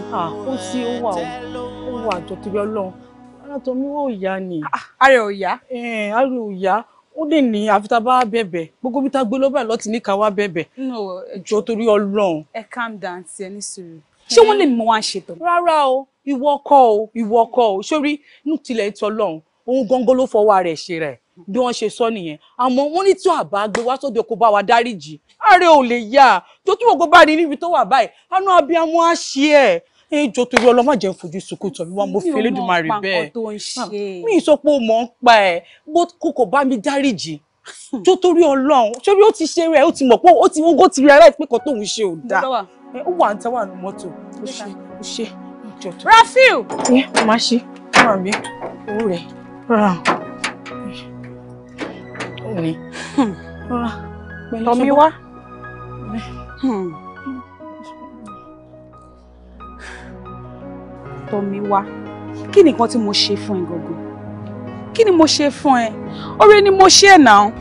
ó sí ó wà ó wà àjọ torí ọlọ́run ara tó mú ó yá ni. Ah, ara ò yá. ara ò yá ó lè ní àfi tá a bá bẹ̀bẹ̀ gbogbo bí tá a gbé lọ́bàá lọ́tì ní ká wá bẹ̀bẹ̀. jọ torí ọlọ́run. ẹ calm down ti ẹ ní sùúrù. ṣé wọ́n lè mọ wá ṣètò. rárá o ìwọ kọ́ o ìwọ kọ́ o sórí inú tilẹ̀ ìtọ́ ọlọ́run òun gangan ló fọwọ́ rẹ̀ ṣe rẹ̀ bí wọ́n ṣe sọ nìyẹn àmọ́ wọ́n ní tí wọ́n àbá gbé wá sóde kó bá wa dáríjì ààrẹ ò lè yá tó kí gbogbo bá rí níbi tó wà a àánú abiyamọ á ṣe ẹ ẹjọ torí ọlọmọ jẹ fojú sunkún tọbi wọn mo fi Elédùmarè bẹ́ẹ̀ ah, mi sọ pé o mọ ń pa ẹ bó kókò bá mi dáríjì tó torí Ọlọ́run torí ó ti ṣe rẹ ó ti mọ pé o ti wọgó ti rí aláìpẹ́ kan tóun ṣe ò o ó wà ń tẹwà ní mọ́tò ó o ó ṣe ìjọ tó. Rafiu. ẹ ẹ má ṣe ràn mí owó rẹ ràn ó ní. Hmm. Tọ́mí wá. mi. Tọ́míwá kí mo ṣe fún ẹ mo ṣe fún mo ṣe ẹ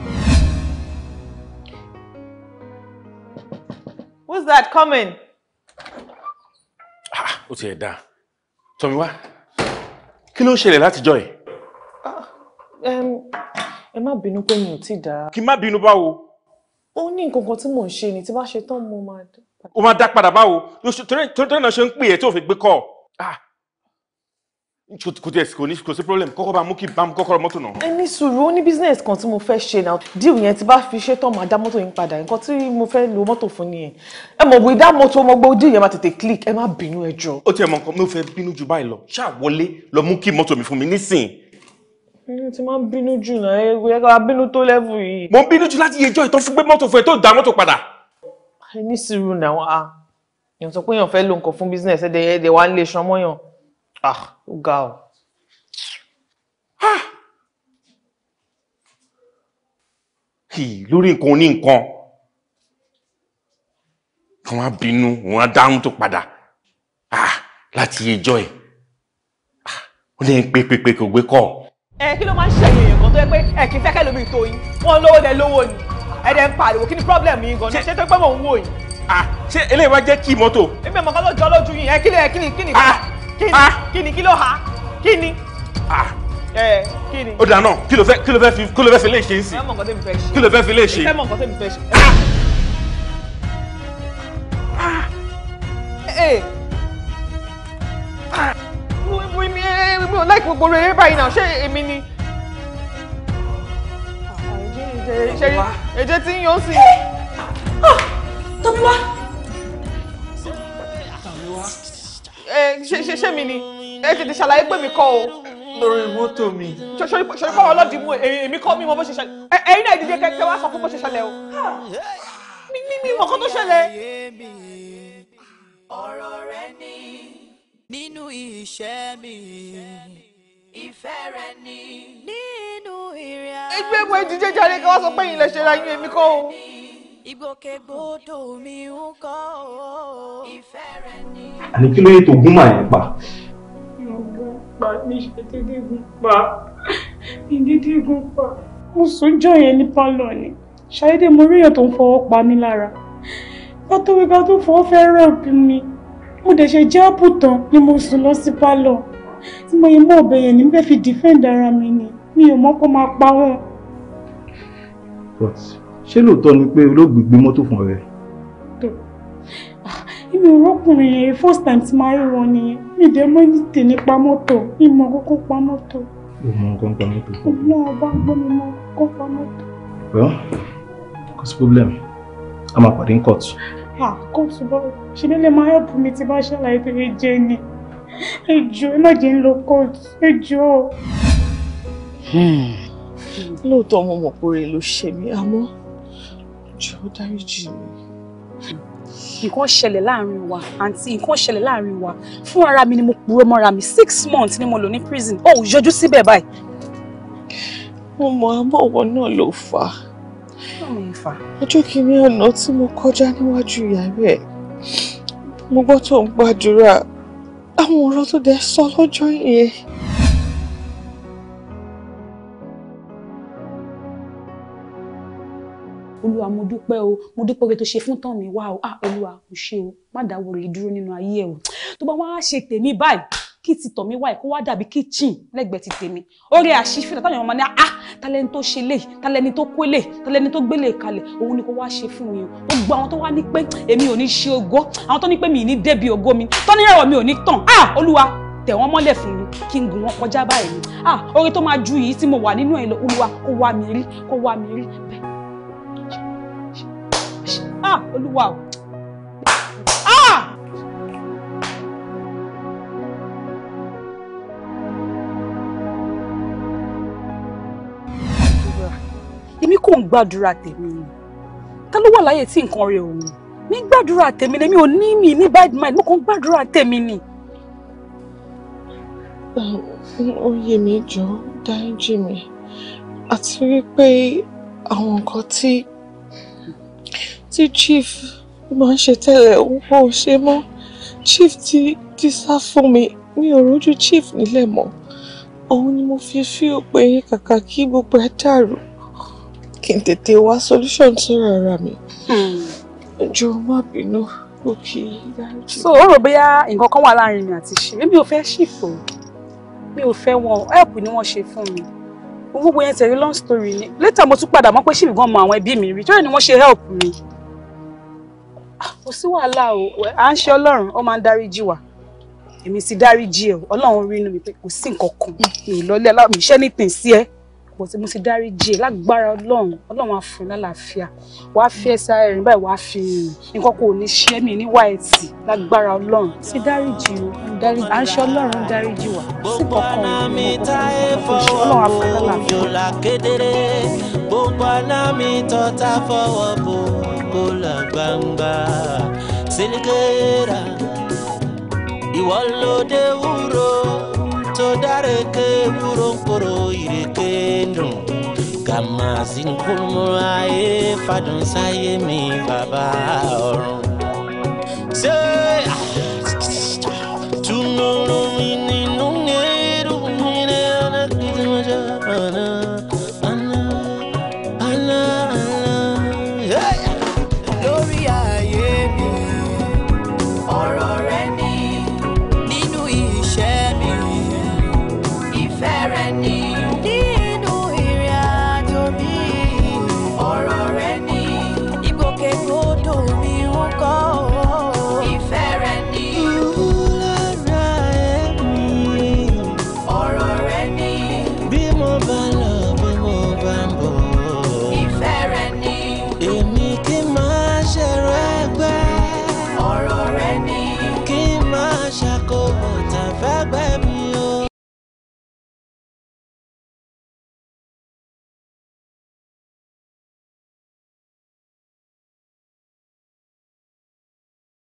Who's that coming? Ah, ó ti ẹ̀ dáa Tọ́míwá kí ló ṣẹlẹ̀ látijọ́ ẹ̀. Ah, ẹ má bínú pé mi ò tí ì dára. kí n má bínú ó ní nǹkan kan tí mò ń ṣe ni tí bá ṣe tán mo máa dé. o máa dá padà báwo torí náà ṣe ń pè ẹ́ tí ò fi gbé ah! kọ́ kò tiẹ̀ kò ní kò sí problem kọ́kọ́ bá mú kí bá mú kọ́kọ́rọ́ mọ́tò náà. ẹni sùúrù ó ní business kan tí mo fẹ́ ṣe náà díù yẹn tí bá fi ṣe tán máa dá mọ́tò yẹn padà nǹkan tí mo fẹ́ lo mọ́tò fún nìyẹn ẹ mọ̀ wí dá mọ́tò ọmọ gbọ́ díù yẹn máa tètè click ẹ má bínú ẹ jọ. ó tiẹ̀ mọ nǹkan mi fẹ́ bínú ju báyìí lọ ṣáà wọlé lọ mú kí mọ́tò mi fún mi nísìnyí ẹni tí máa ń bínú jù náà ẹ yẹ ká bínú tó lẹ́vù yìí. mo ń bínú jù láti yẹjọ́ ìtọ́ fún gbé mọ́tò fún ẹ tó dá mọ́tò padà. ẹ ní sùúrù náà a èèyàn sọ pé èèyàn fẹ́ lo nǹkan fún business ẹ̀dẹ̀ ẹ̀dẹ̀ wa ń lè ṣan mọ́yàn ah ó ga o. Ah! lórí nǹkan oní nǹkan wọn á bínú wọn á dáhùn tó padà ah, láti yẹjọ́ ẹ̀ ah, ó lè ń pé pé pé kò gbé kọ́ ọ ẹ eh, kí ló máa ń ṣẹ̀yìn èèyàn kan tó yẹ pé ẹ eh, kì í fẹ́ kẹ́lómi tó yín wọ́n lówó lẹ lówó ni ẹ dẹ̀ ń pariwo kí ni problem yín gan-an ṣé tó pé mò ń wò yín. ṣé eléyìí wá jẹ́ kí mọ́tò. èmi ọmọ kan ló jọ lójú yín ẹ kí ni kí ni kí ni kí ni kí ló ha kí ni. ẹ kí ni. ó dà náà kí ló fẹ́ kí ló fẹ́ fi kí ló fẹ́ fi lè ṣe é sí. kí ló fẹ́ fi lè ṣe. ìfẹ́ mọ̀ nǹkan tẹ́mi fẹ́ ṣe. Like a mi mi ò láì gbogbo rere báyìí náà ṣé èmi ni. èjé tí ń yọ sí. Tóbiwá. ṣe ṣe mi ni ẹ tètè ṣàlàyé pé mi kọ́ o. lórí mọ́tò mi. ṣòṣòrí pàwọn ọlọ́dìí mú e, e, èmi kọ́ mi mọ bó ṣe ṣẹlẹ̀ ẹ̀yin náà ìdíje kẹ́kẹ́ wá sọ fún bó ṣe ṣẹlẹ̀ o. mi mi mọ̀ kó tó ṣẹlẹ̀. ọ̀rọ̀ rẹ ni nínú iṣẹ́ mi ìfẹ́ rẹ ni nínú ìrìn àjò. ẹgbẹ́ ìwé ìdíje jáde kí wọ́n sọ pé ìyìnlẹ̀ ṣe ra yín èmi kọ́ o. ìgbòkègbodò mi ń kọ́ o ìfẹ́ rẹ ni. àní kí ló yẹ tó gún màá yẹn pa. mo gún pa níṣẹ́ dédé gún pa ìdídí gún pa mo sùn jọ yẹn ní pálọ̀ ni ṣáyédé mo rí èèyàn tó ń fọwọ́ pa mí lára pátó wípé tó fọwọ́ fẹ́ rẹ̀ bí mi mo dẹ̀ ṣe jẹ́ àpò tán ni mo sùn lọ sí pálọ̀ tí mo yẹ mọ́ ọ̀bẹ yẹn ní bẹ́ẹ̀ fi defend ara mi ni mi ò mọ̀ kó máa pa wọ́n. but ṣé lóòótọ́ ni pé olóògbé gbé mọ́tò fún ọ̀rẹ́. Ah, èmi ò yẹn first time tí máa rí wọn nìyẹn mi dẹ̀ mọ́ ní tèmi pa mọ́tò mi mọ kókó pa mọ́tò. o mọ nǹkan pa mọ́tò. ọlọ́run ọba gbọ́ mi mọ kókó pa mọ́tò. well kò sí problem a máa pàdé ah kò túbọ̀ ṣe ní lè máa help mi tí bá ṣàlàyé pé ẹ jẹ́ ni ẹ jọ̀ọ́ ẹ má jẹ́ ń lọ court ẹ jọ̀ọ́. lóòótọ́ mo mọ̀ pé oore ló ṣe mí àmọ́ jọ̀ọ́ dáríjì mi. nǹkan ṣẹlẹ̀ láàrin wa àǹtí nǹkan ṣẹlẹ̀ láàrin wa fún ara mi ni mo purọ́ mọ́ra mi six months ni mo lò ní prison ó yọjú síbẹ̀ báyìí. mo mọ àmọ́ ọ̀wọ́ náà ló fà á ọjọ́ kìíní ọ̀nà tí mo kọjá níwájú ìyàwó ẹ̀ mo gbọ́ tó ń gbàdúrà àwọn ọ̀rọ̀ tó dẹ̀ sọ lọ́jọ́ yẹn. olúwa mo dúpẹ́ o mo dúpẹ́ oore tó ṣe fún tán mi wá o ah olúwa kò ṣe o má dáwọ́ rẹ̀ dúró nínú ayé ẹ̀ o tó bá wá ṣe tèmi báyìí kí ti tọ̀ mí wáyé kó wá dàbí kitchen lẹ́gbẹ̀ẹ́ ti tèmi orí àṣìfìlà táwọn ọmọ ní à tálẹ́ni tó ṣe lè tálẹ́ni tó kó lè tálẹ́ni tó gbélé kalẹ̀ òun ni kó wá ṣe fún mi ó gba àwọn tó wá ní pé èmi ò ní ṣe ògo àwọn tó ní pé mi ì ní débi ògo mi tó ní ẹ̀rọ mi ò ní tàn á ah, olúwa tẹ̀ wọ́n mọ́lẹ̀ fún mi kí n gùn wọn kọjá báyìí ni à orí tó máa ju yìí tí mo wà nínú ẹ̀ lọ ah olúwa èmi kò ń gbàdúrà tèmi ni ta ló wà láyé tí nǹkan rẹ òun mi gbàdúrà tèmi ni mi ò ní mi ní bad mind mo kàn gbàdúrà tèmi ni. oyè mi jọ dáríjì mi àti wípé àwọn nǹkan tí tí chief máa ń ṣe tẹ́lẹ̀ owó ṣe mọ́ chief ti ti sá fún mi mi ò rójú chief nílẹ̀ mọ́ òun ni mo fi fí òpin kàkà kí gbogbo ẹ̀ dàrú kí n tètè wá solution sọ̀rọ̀ ara mi hmm. jọ má bínú òkè dájú. so ó rò bóyá nǹkan kan wà láàrin mi àti ṣe mi ò fẹ́ ṣìfò mi ò fẹ́ wọn help ni wọ́n ṣe fún mi gbogbo yẹn tẹ̀lé long story ni later mo tún padà mọ́ pé ṣìfì gan mọ àwọn ẹbí mi rí tó yẹ ni wọ́n ṣe help mi ah, kò sí wàhálà o à ń ṣe ọlọ́run ó máa ń dáríjì wá èmi sì dáríjì ẹ ọlọ́run rí inú mi pé kò sí nǹkan kan mi ì lọlé aláwọ̀ mi ṣẹ́ nìtàn sí pọ̀ sí mo ti dárí jì lágbára ọlọ́run ọlọ́run á fún lálàáfíà wàá fi ẹsẹ̀ ara rìn báyìí wàá fi rìn nǹkan kò ní ṣe mí níwá ẹtì lágbára ọlọ́run ti dárí jì o dárí jì aṣọ ọlọ́run dárí jì wá sí kọ̀ọ̀kan ọlọ́run á fún lálàáfíà gbogbo mi tọ́ta fọwọ́ bò kó lọ gbangba sílíkèrà lóde wúro dare ke toddareke buronkoro ireke dun gamazin kulmura ye fadunsa saye mi baba ọ̀run.